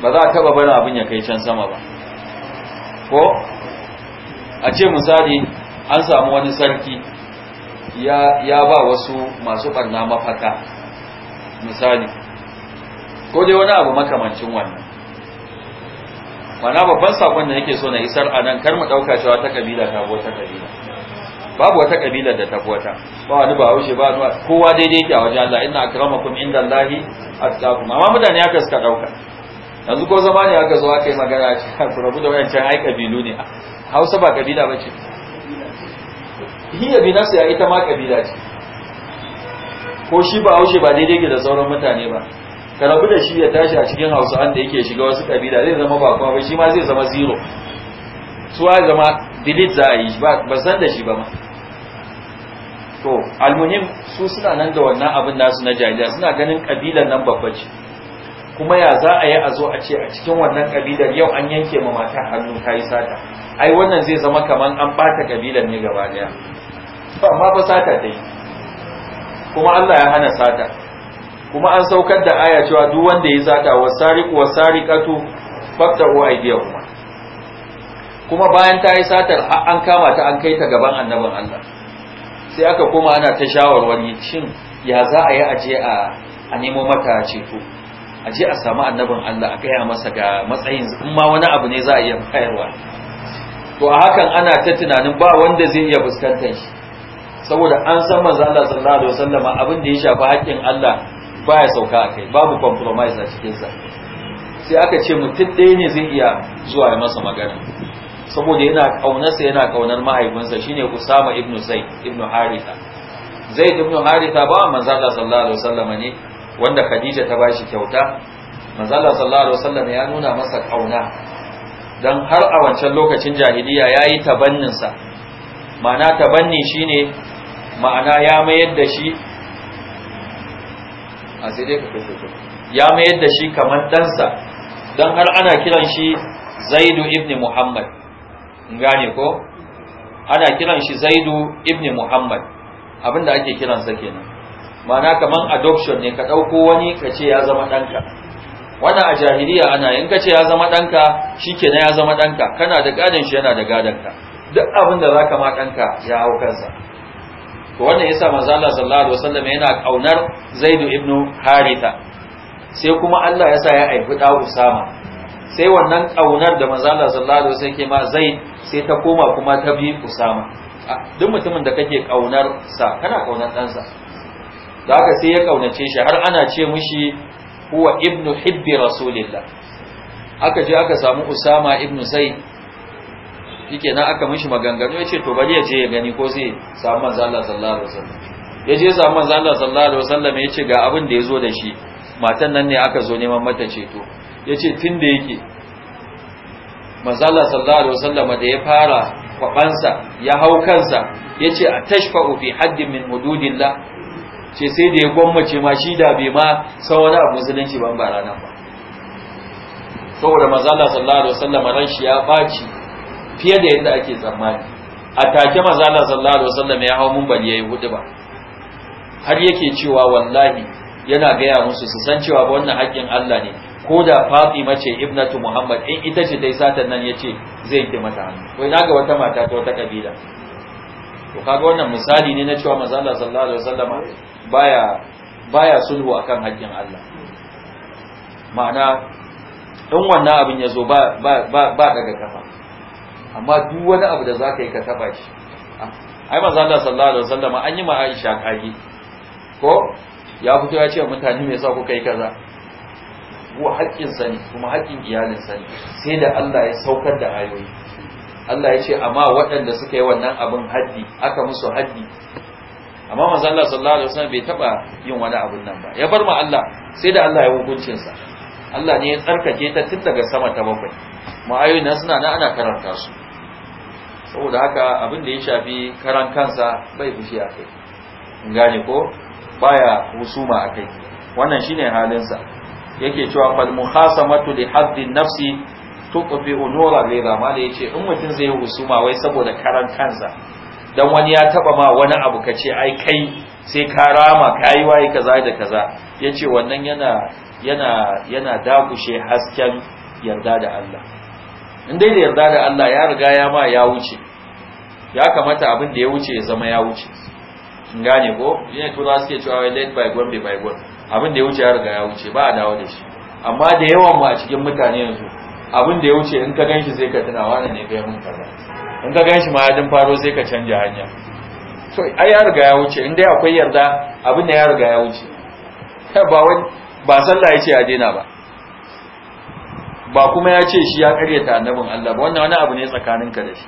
ba za a taba bari abin ya kai can sama ba ko a ce misali an samu wani sarki ya ba wasu masu barna mafaka misali ko dai wani abu makamancin wannan mana babban sakon da yake so na isar a nan kar mu ɗauka cewa ta kabila ta wata kabila babu wata kabila da ta wata ba wani ba haushe ba wani kowa daidai yake a wajen Allah inna akramakum inda Allahi atqakum amma mutane aka suka ɗauka yanzu ko zama ne aka zo aka yi magana a ku rabu da wayancan ai kabilu ne hausa ba kabila ba ce hiya bi nasu ya ita ma kabila ce ko shi ba haushe ba daidai ke da sauran mutane ba ka rabu da shi ya tashi a cikin hausa an da yake shiga wasu kabila zai zama ba kuma shi ma zai zama zero suwa zama delete za a yi ba san da shi ba ma to almuhim su suna nan da wannan abin nasu na jahiliya suna ganin kabilan nan babba ce kuma ya za a yi a zo a ce a cikin wannan kabilar yau an yanke ma matan hannu ta yi sata ai wannan zai zama kamar an bata kabilar ne gaba daya amma fa sata ta yi kuma Allah ya hana sata kuma an saukar da aya cewa duk wanda ya zata wa sariqu wa sariqatu faqtahu aydiyahum kuma bayan ta yi satar an kama ta an kai ta gaban annabin Allah sai aka koma ana ta shawarwari shin ya za a yi aje a a nemo mata ceto aje a samu annabin Allah a kaiya masa ga matsayin in ma wani abu ne za a iya bayarwa to a hakan ana ta tunanin ba wanda zai iya fuskantar shi saboda an san manzo Allah sallallahu alaihi wasallam abin da ya shafi haƙƙin Allah baya sauka a kai babu compromise a cikinsa sai aka ce mutum ɗaya ne zai iya zuwa ya masa magana saboda yana ƙaunarsa yana ƙaunar mahaifinsa shine usama ibn zaid ibn haritha zaid ibn haritha ba manzo Allah sallallahu alaihi wasallam ne wanda khadija ta bashi kyauta manzo Allah sallallahu alaihi wasallam ya nuna masa ƙauna dan har a wancan lokacin jahiliya yayi tabanninsa ma'ana tabanni shine ma'ana ya mayar da shi a sai dai ka kashe shi ya mayar da shi kamar ɗansa don har ana kiran shi zaidu ibn muhammad gane ko ana kiran shi zaidu ibn muhammad abinda ake kiran sa kenan ma'ana kamar adoption ne ka ɗauko wani ka ce ya zama ɗanka wannan a jahiliya ana in ka ce ya zama ɗanka shi kenan ya zama ɗanka kana da gadon shi yana da gadon ka duk abin da za ka ɗanka ya hau kansa to wannan yasa manzo Allah sallallahu alaihi wasallam yana kaunar Zaid ibn Haritha sai kuma Allah yasa ya haifi da Usama sai wannan kaunar da manzo Allah sallallahu alaihi wasallam yake ma Zaid sai ta koma kuma ta bi Usama duk mutumin da kake kaunar sa kana kaunar ɗansa da haka sai ya kaunace shi har ana ce mushi huwa ibnu hibbi rasulillah aka je aka samu Usama Ibnu Zaid na aka mishi maganganu ce to bari ya je ya gani ko zai samu manzo Allah sallallahu alaihi wasallam ya je samu manzo Allah sallallahu alaihi wasallam ce ga abin da yazo da shi matan nan ne aka zo neman mata ceto ce tun da yake manzo Allah sallallahu alaihi wasallam da ya fara kwabansa ya hau kansa yace atashfa'u fi haddin min hududillah ce sai da ya gwammace ma shi da bai ma san wani abu musulunci ban barana ba saboda manzo Allah sallallahu alaihi wasallam ran shi ya baci fiye da yadda ake tsammani a take mazala sallallahu alaihi wasallam ya hau munbari yayi hudu ba har yake cewa wallahi yana gaya musu su san cewa ba wannan haƙƙin Allah ne ko da Fatima ce ibnatu Muhammad in ita ce dai satan nan yace zai yi mata hannu wai naga wata mata ta wata kabila to kaga wannan misali ne na cewa maza na sallallahu alaihi wasallam baya baya sulhu akan haƙƙin Allah ma'ana in wannan abin ya zo ba ba ba daga kafa amma duk wani abu da zaka yi ka taba shi ai ba Allah sallallahu alaihi wasallam an yi ma Aisha kage ko ya fito ya ce mutane me yasa kuka yi kaza wa haƙƙin sani kuma haƙƙin iyalin sani sai da Allah ya saukar da ayoyi Allah ya ce amma waɗanda suka yi wannan abin haddi aka musu haddi amma manzon Allah sallallahu alaihi wasallam bai taba yin wani abin nan ba ya bar ma Allah sai da Allah ya hukuncin sa Allah ne ya tsarkake ta tun daga sama ta bakwai ma'ayoyin suna nan ana karanta su saboda haka abin da ya shafi karan kansa bai fushi a kai gane ko baya husuma a kai wannan shine halinsa yake cewa fal muhasamatu li haddi nafsi tuqfi unura ghayra ma da yace in mutum zai husuma wai saboda karan kansa dan wani ya taba ma wani abu kace ai kai sai ka rama kai wai kaza da kaza yace wannan yana yana yana dakushe hasken yarda da Allah in dai da yarda da Allah ya riga ya ma ya wuce ya kamata abin da ya wuce ya zama ya wuce in gane ko yana tura suke cewa late by be by gone abin da ya wuce ya riga ya wuce ba a dawo da shi amma da yawan mu a cikin mutane yanzu abin da ya wuce in ka ganshi sai ka tuna wani ne gaya mun kaza in ka ganshi ma ya faro sai ka canja hanya to ai ya riga ya wuce in dai akwai yarda abin da ya riga ya wuce ba wai ba sallah yace a daina ba ba kuma ya ce shi ya ta annabin Allah ba wannan wani abu ne tsakaninka da shi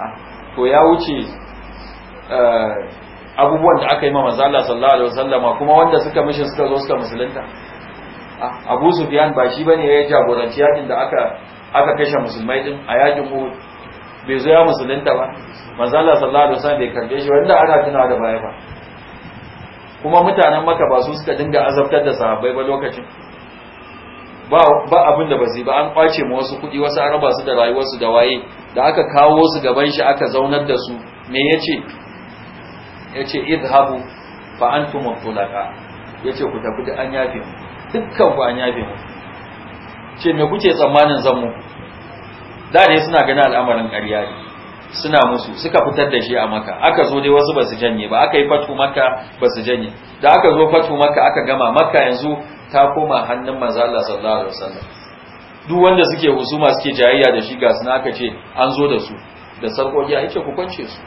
ah, to ya wuce eh, abubuwan da aka yi ma manzo Allah sallallahu alaihi wasallam kuma wanda suka mishi suka zo suka musulunta ah, Abu Sufyan ba shi bane ya jagoranci yakin da aka aka kashe musulmai din a yakin Uhud bai zo ya musulunta ba manzo Allah sallallahu alaihi wasallam bai karbe shi wanda ana tunawa da baya ba kuma mutanen Makka ba su suka dinga azabtar da sahabbai ba lokacin ba abin da ba zai ba an kwace ma wasu kuɗi wasu an raba su da rayuwarsu da waye da aka kawo su gaban shi aka zaunar da su me yace yace idhabu fa antum mutlaqa yace ku tafi da an yafe mu dukkan ku an yafe mu ce me kuke tsammanin zan mu da ne suna ganin al'amarin ƙarya ne suna musu suka fitar da shi a maka aka zo dai wasu ba su janye ba aka yi fatu maka ba su janye da aka zo fatu maka aka gama maka yanzu ta koma hannun maza Allah sallallahu alaihi wasallam duk wanda suke husuma suke jayayya da shi ga suna aka ce an zo da su da sarkoki a yake ku kwance su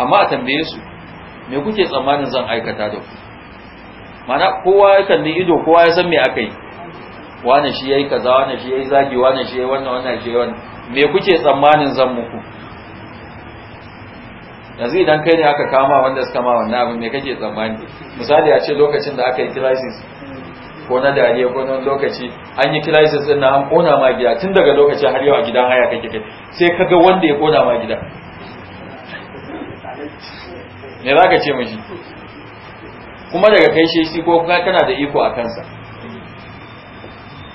amma a tambaye su me kuke tsammanin zan aikata da ku mana kowa ya kalli ido kowa ya san me aka yi wani shi yayi kaza wani shi yayi zagi wani shi yayi wannan wannan shi yayi wannan me kuke tsammanin zan muku yanzu idan kai ne aka kama wanda suka ma wannan abin me kake tsammani misali a ce lokacin da aka yi crisis ko na dariya ko na lokaci an yi crisis din na an kona ma gida tun daga lokaci har yau a gidan haya kake kai sai kaga wanda ya kona ma gida me za ka ce mishi kuma daga kai shi ko kana da iko a kansa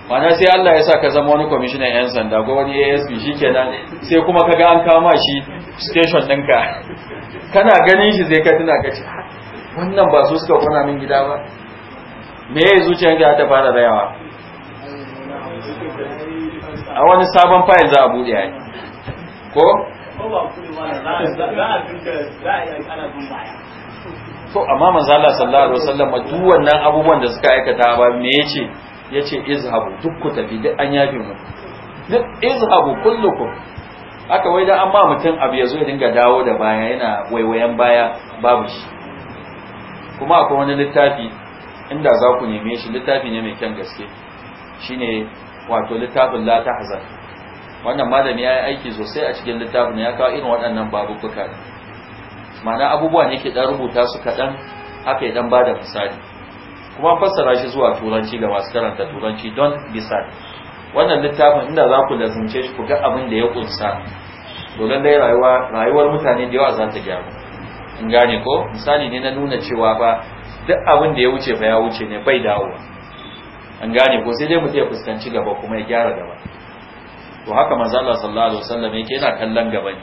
mana sai Allah ya sa ka zama wani kwamishinan 'yan sanda ko wani asp shi kenan sai kuma ka ga an kama shi station ɗinka kana ganin shi zai ka tuna ka ce wannan ba su suka kwana min gida ba me ya zuciyar da ta fara rayawa a wani sabon fayil za a buɗe ya ko? ko amma manzala sallallahu alaihi wasallam duk wannan abubuwan da suka aikata ba me yace Ya ce izhabu duk ku tafi duk an yafe mu duk izhabu kullukum aka wai da amma mutum abu yazo ya dinga dawo da baya yana waiwayen baya babu shi kuma akwai wani littafi inda za ku neme shi littafi ne mai kyan gaske shine wato littafin la tahzan wannan malami ya yi aiki sosai a cikin littafin ya kawo irin waɗannan babubuka mana ma'ana abubuwa ne ke ɗan rubuta su kaɗan haka ya ɗan ba da misali kuma fassara shi zuwa turanci ga masu karanta turanci don bisa wannan littafin inda za ku lazumce shi ku ga abin da ya kunsa domin dai rayuwa rayuwar mutane da yawa za ta gyaru in gane ko misali ne na nuna cewa ba duk abin da ya wuce ba ya wuce ne bai dawowa an gane ko sai dai mutum ya fuskanci gaba kuma ya gyara gaba to haka manzo Allah sallallahu alaihi wasallam yake yana kallon gaba ne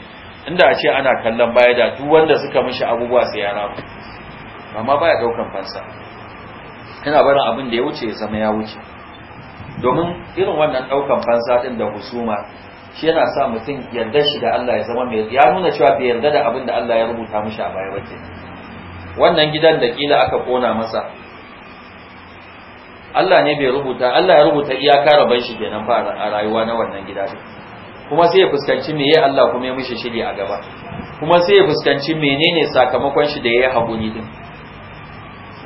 inda a ce ana kallon baya da duk wanda suka mishi abubuwa sai ya rama amma baya daukan fansa Yana barin abin da ya wuce ya zama ya wuce domin irin wannan ɗaukan fansa din da husuma shi yana sa mutum yarda shi da Allah ya zama mai ya nuna cewa bai yarda da abin da Allah ya rubuta mishi a baya wake wannan gidan da kila aka kona masa Allah ne bai rubuta Allah ya rubuta iyaka rabon shi kenan ba a rayuwa na wannan gida kuma sai ya fuskanci meye Allah kuma ya mishi shiri a gaba kuma sai ya fuskanci menene sakamakon shi da ya yi haƙuri din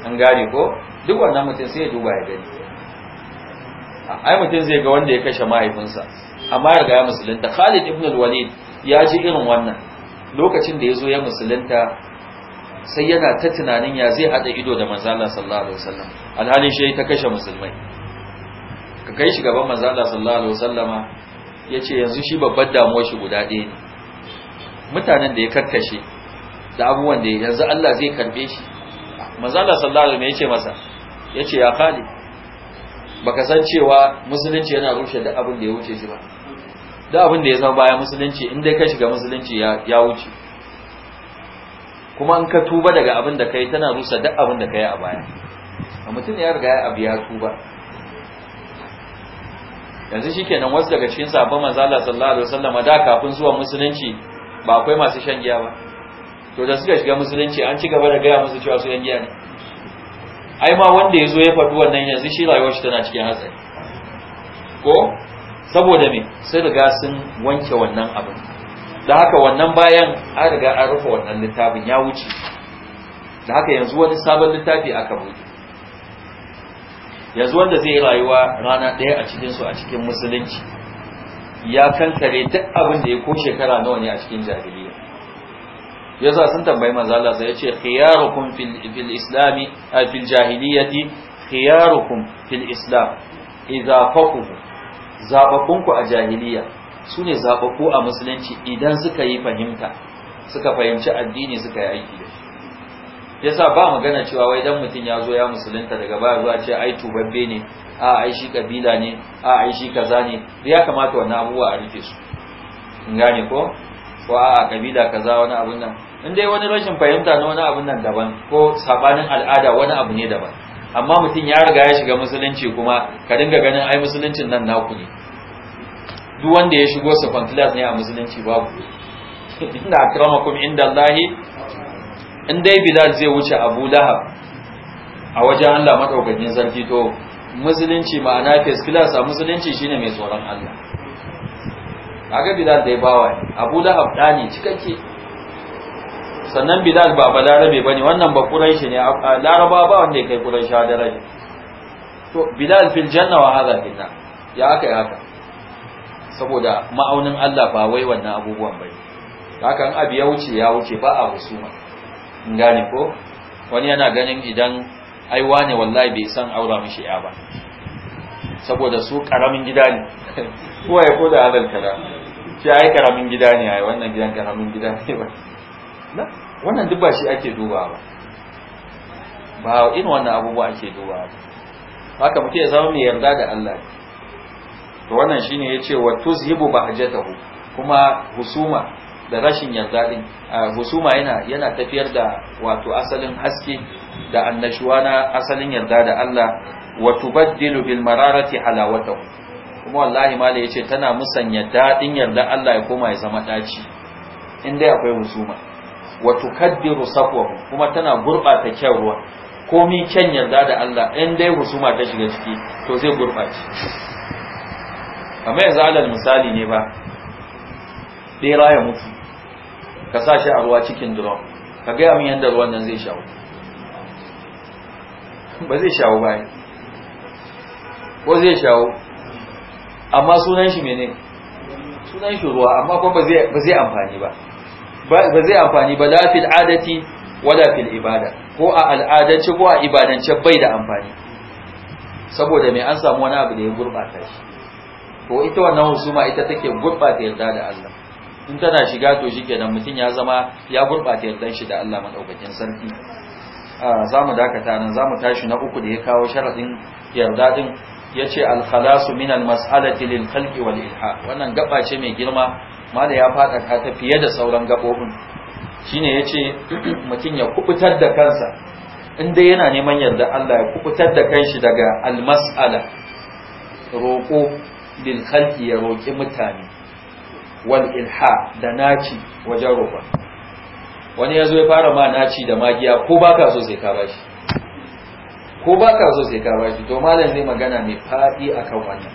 an gane ko duk wannan mutum sai ya duba ya gani ai mutum zai ga wanda ya kashe mahaifinsa amma ya riga ya musulunta Khalid ibn al-Walid ya ji irin wannan lokacin da ya zo ya musulunta sai yana ta tunanin ya zai hada ido da manzo Allah sallallahu alaihi wasallam alhalin shi ta kashe musulmai ka kai shi gaban manzo Allah sallallahu alaihi wasallama yace yanzu shi babbar damuwar shi guda ɗaya ne mutanen da ya karkashe da abubuwan da yanzu Allah zai karbe shi manzo Allah sallallahu alaihi wasallam yace masa ya ce ya khalid baka san cewa musulunci yana rushe da abin da ya wuce shi ba da abin da ya zama baya musulunci in dai ka shiga musulunci ya wuce kuma in ka tuba daga abin da ka yi tana rusa da abin da yi a baya a mutum ya riga ya abu ya tuba yanzu shi kenan wasu daga cikin sabon manzala sallallahu alaihi wasallam da kafin zuwa musulunci ba akwai masu shan giya ba to da suka shiga musulunci an ci gaba da gaya musu cewa su yan giya ne ai ma wanda ya zo ya faɗi wannan yanzu shi rayuwar shi tana cikin hatsari ko saboda me sun riga sun wanke wannan abin da haka wannan bayan an riga an rufe wannan littafin ya wuce da haka yanzu wani sabon littafi aka buɗe yanzu wanda zai yi rayuwa rana ɗaya a cikinsu a cikin musulunci ya kankare duk abin da ya ko shekara nawa ne a cikin jahiliya yasa sun tambayi manzo Allah sai yace khiyarukum fil fil islami fil jahiliyyati khiyarukum fil islam idza faquhu zababunku a jahiliya sune zababbu a musulunci idan suka yi fahimta suka fahimci addini suka yi aiki da shi yasa ba magana cewa wai dan mutun ya zo ya musulunta daga baya zuwa ce ai tubabbe ne a ai shi kabila ne a ai shi kaza ne ya kamata wannan abubuwa a rike su in gane ko ko a kabila kaza wani abun nan in dai wani rashin fahimta na wani abun nan daban ko sabanin al'ada wani abu ne daban amma mutum ya riga ya shiga musulunci kuma ka dinga ganin ai musuluncin nan naku ne duk wanda ya shigo su fantilas ne a musulunci babu inda akramakum inda Allah in dai Bilal zai wuce Abu Lahab a wajen Allah madaukakin sarki to musulunci ma'ana fes class a musulunci shine mai tsoron Allah kaga Bilal dai bawa Abu Lahab dani cikakke sannan bilal ba balarabe bane wannan ba quraishi ne laraba ba wanda kai quraishi daraja to bilal fil janna wa hadha fil ya aka yi haka saboda ma'aunin Allah ba wai wannan abubuwan bane hakan abi ya wuce ya wuce ba a husuma gane ko wani yana ganin idan ai wane wallahi bai san aura mishi ya ba saboda su karamin gida ne kowa ya koda hadal kalam shi ai karamin gida ne ai wannan gidan karamin gida ne ba na wannan duk ba shi ake duba ba ba irin wannan abubuwa ake duba ba haka muke zama mai yarda da Allah to wannan shine yace wa tuzhibu bahjatahu kuma husuma da rashin yarda din husuma yana yana tafiyar da wato asalin haske da annashuwa na asalin yarda da Allah wa tubaddilu bil mararati halawatahu kuma wallahi mala yace tana musanya dadin yarda Allah ya koma ya zama daci in dai akwai husuma wa tukaddiru safwahu kuma tana gurbata kyan ruwa komai kyan yarda da Allah in dai husuma ta shiga ciki to zai gurbace amma yanzu alal misali ne ba bera ya mutu ka sa shi a ruwa cikin drum ka gaya min yadda ruwan nan zai shawo ba zai shawo ba ko zai shawo amma sunan shi mene sunan shi ruwa amma kuma ba zai amfani ba ba zai amfani ba lafil adati wala fil ibada ko a al'adance ko a ibadance bai da amfani saboda mai an samu wani abu da ya gurbata shi to ita wannan husuma ita take gurbata yarda da Allah in tana shiga to shikenan mutum ya zama ya gurbata yardan shi da Allah madaukakin sarki za mu dakata nan zamu tashi na uku da ya kawo sharadin yarda din yace al khalasu min al mas'alati lil khalqi wal ilha wannan gaba ce mai girma mala ya ka ta fiye da sauran gaɓoɓin shine ya ce mutum ya kubutar da kansa dai yana neman yarda Allah ya kubutar da kanshi daga almas'ala roƙo bil khalqi ya roƙi mutane wal ilha da naci wajen roƙo. wani yazo ya fara ma naci da magiya ko baka so sai ka bashi ko baka so sai ka bashi to malam zai magana mai fadi akan wannan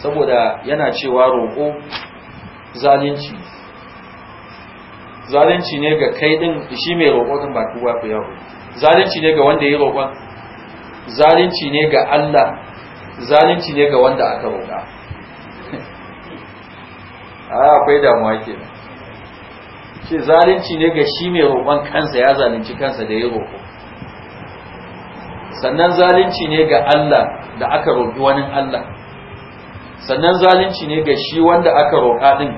saboda yana cewa roƙo zalunci zalunci ne ga kai din shi mai roƙo din ba kowa ku yawo zalunci ne ga wanda ya roƙon zalunci ne ga Allah zalunci ne ga wanda aka roƙa a akwai damuwa ke. shi zalunci ne ga shi mai roƙon kansa ya zalunci kansa da ya roƙo sannan zalunci ne ga Allah da aka roƙi wani Allah sannan zalunci ne ga shi wanda aka roƙa din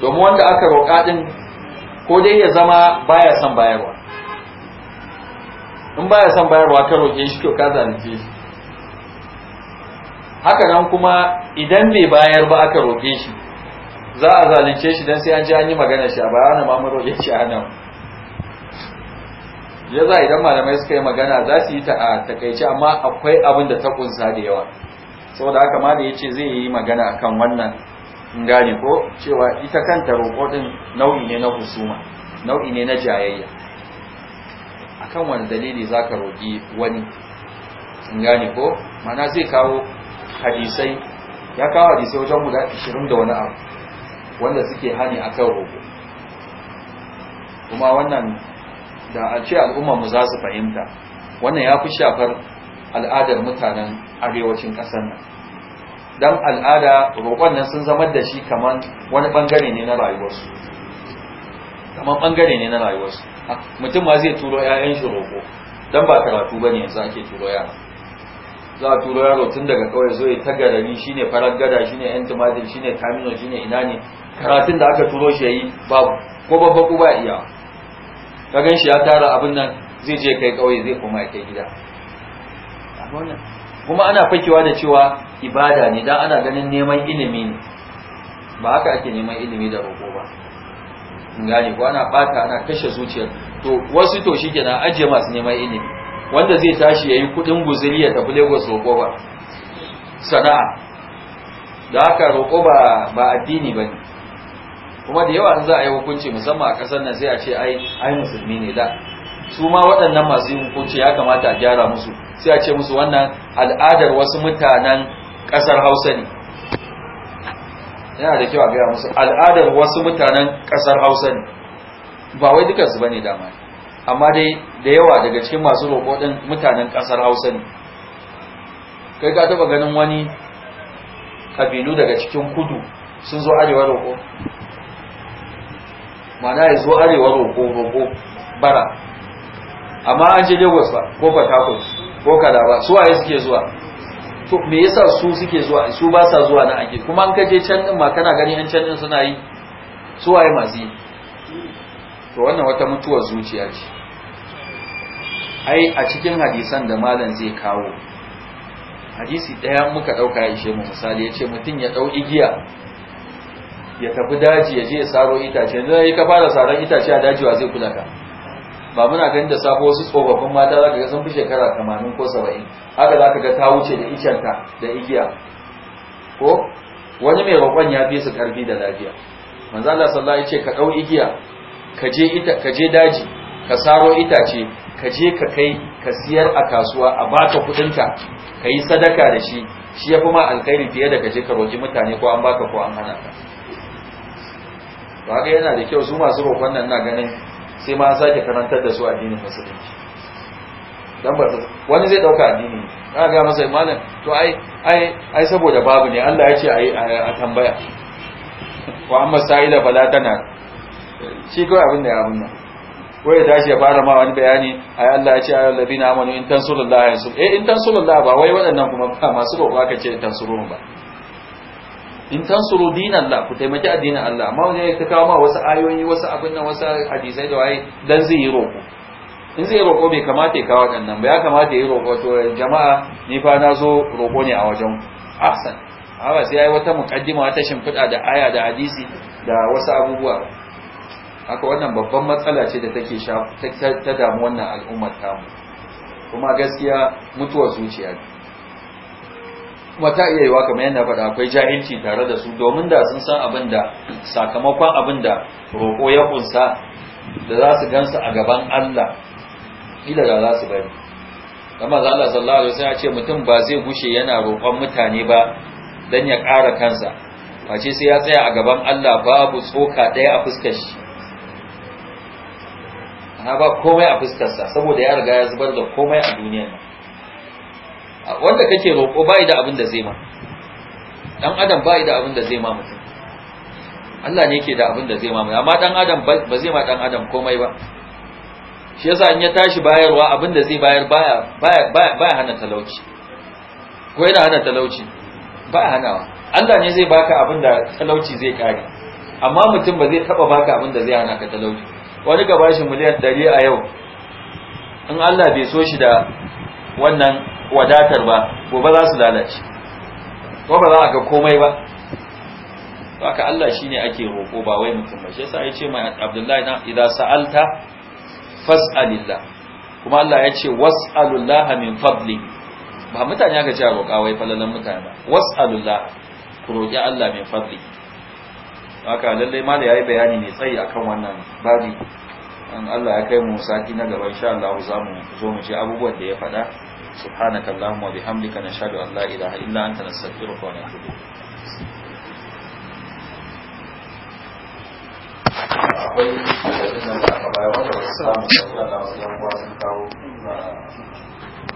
domin wanda aka roƙa din ko dai ya zama baya son bayarwa in baya son bayarwa ka roƙe shi to ka zalunce shi haka nan kuma idan bai bayar ba aka roƙe shi za a zalunce shi don sai an ji an yi magana shi a bayanin ma mun roƙe shi a nan ya za idan malamai suka yi magana za su yi ta a takaice amma akwai abin da ta kunsa da yawa saboda haka ma da ya ce zai yi magana akan wannan in gane ko cewa ita kanta roƙo ɗin nau'i ne na husuma nau'i ne na jayayya akan wani dalili za ka roƙi wani in gane ko mana zai kawo hadisai ya kawo hadisai wajen guda 20 da wani abu wanda suke hani akan roƙo kuma wannan da a ce al'ummarmu za su fahimta wannan ya fi shafar al'adar mutanen arewacin ƙasar nan don al'ada roƙon nan sun zama da shi kamar wani ɓangare ne na rayuwarsu kamar ɓangare ne na rayuwarsu mutum ma zai turo ƴaƴan shi roƙo don ba karatu ba ne yanzu ake turo yara za a turo yaro tun daga kawai zo ta tagarari shi ne farar gada shi ne yan tumatir shi ne kamino shi ne ina ne karatun da aka turo shi ya yi babu ko babba ko ba iya ka gan shi ya tara abin nan zai je kai kawai zai koma kai gida kuma ana fakewa da cewa ibada ne dan ana ganin neman ilimi ne ba haka ake neman ilimi da roƙo ba gane ko ana bata ana kashe zuciyar to wasu to kenan ajiye masu neman ilimi wanda zai tashi yayi kudin guzuri ya tafi Lagos roƙo ba sana'a da haka roƙo ba ba addini bane kuma da yawa an za a yi hukunci musamman a ƙasar nan sai a ce ai ai musulmi ne da su ma waɗannan masu yin hukunci ya kamata a gyara musu sai a ce musu wannan al'adar wasu mutanen ƙasar hausa ne yana da kyau a gaya musu al'adar wasu mutanen ƙasar hausa ne ba wai dukansu ba ne dama amma dai da yawa daga cikin masu roƙo ɗin mutanen ƙasar hausa ne kai ka taɓa ganin wani ƙabilu daga cikin kudu sun zo arewa roƙo mana ya zo arewa roƙo roƙo bara amma an je lagos ba ko port harcourt ko kada ba su waye suke zuwa to me yasa su suke zuwa su ba sa zuwa na ake kuma an kaje can din ma kana gani an can din suna yi su waye masu to wannan wata mutuwar zuciya ce ai a cikin hadisan da malam zai kawo hadisi ɗaya muka ɗauka ya ishe mu misali yace ce mutum ya dau igiya ya tafi daji ya je ya saro itace yanzu ya ka fara saron itace a daji wa zai kula ka ba muna ganin da safo wasu tsofaffin mata za ka ga sun fi shekara tamanin ko saba'in haka za ka ga ta wuce da icenta da igiya ko wani mai roƙon ya fi su karfi da lafiya manzo Allah sallallahu alaihi ka ɗau igiya ka je ita ka je daji ka saro itace ka je ka kai ka siyar a kasuwa a baka kuɗinka ka yi sadaka da shi shi ya fi ma alkhairi fiye da ka je ka roki mutane ko an baka ko an hana ka Ba ga yana da kyau su masu roƙon nan na ganin sai ma ke karantar da su a dinin musulunci dan ba wani zai dauka addini aka ga masa malam to ai ai ai saboda babu ne Allah ya ce ai a tambaya wa amma sa'ila bala tana shi kawai abin da ya abin nan ko ya tashi ya fara ma wani bayani ai Allah ya ce ayyul ladina amanu in tansurullaha yansur eh in tansurullaha ba wai waɗannan kuma ba masu roƙo aka ce in tansuruhum ba in tansuru dinan Allah ku taimaki addinin Allah amma wani ya kawo ma wasu ayoyi wasu abin nan wasu hadisai da waye dan zai yi roƙo in zai roƙo bai kamata ya kawo waɗannan ba ya kamata ya yi roƙo to jama'a ni fa na zo roƙo ne a wajen ahsan haka sai yayi wata muqaddima wata shimfiɗa da aya da hadisi da wasu abubuwa haka wannan babban matsala ce da take ta damu wannan al'ummar tamu kuma gaskiya mutuwar zuciya ne kuma ta iya yiwa kamar yadda faɗa akwai jahilci tare da su domin da sun san abin da sakamakon abin da roƙo ya kunsa da za su su a gaban Allah ila da za su bari kama za Allah sallallahu alaihi wasallam ya ce mutum ba zai gushe yana roƙon mutane ba dan ya ƙara kansa face sai ya tsaya a gaban Allah babu tsoka ɗaya a fuskar shi ana ba komai a fuskarsa saboda ya riga ya zubar da komai a duniyar nan wanda kake roƙo bai da abin da zai ma dan adam bai da abin da zai ma mutum Allah ne yake da abin da zai ma mutum amma dan adam ba zai ma dan adam komai ba shi yasa in ya tashi bayarwa abin da zai bayar baya baya baya hana talauci ko yana hana talauci ba hanawa Allah ne zai baka abin da talauci zai kare amma mutum ba zai taba baka abin da zai hana ka talauci wani ga bashi miliyan 100 a yau in Allah bai so shi da wannan wadatar ba gobe za su lalace ko ba za a ga komai ba haka Allah shine ake roƙo ba wai mutum ba shi yasa yace mai Abdullahi na idza sa'alta fas'alillah kuma Allah yace was'alullaha min fadli ba mutane aka ce a roƙa wai falalan mutane ba was'alullah ku roƙi Allah min fadli haka lalle ma da yayi bayani ne tsayi akan wannan babi an Allah ya kai mu sati na gaba insha Allah za mu zo mu ji abubuwan da ya faɗa سبحانك اللهم وبحمدك نشهد أن لا إله إلا أنت نستغفرك ونتوب akwai da aka bayar wanda wasu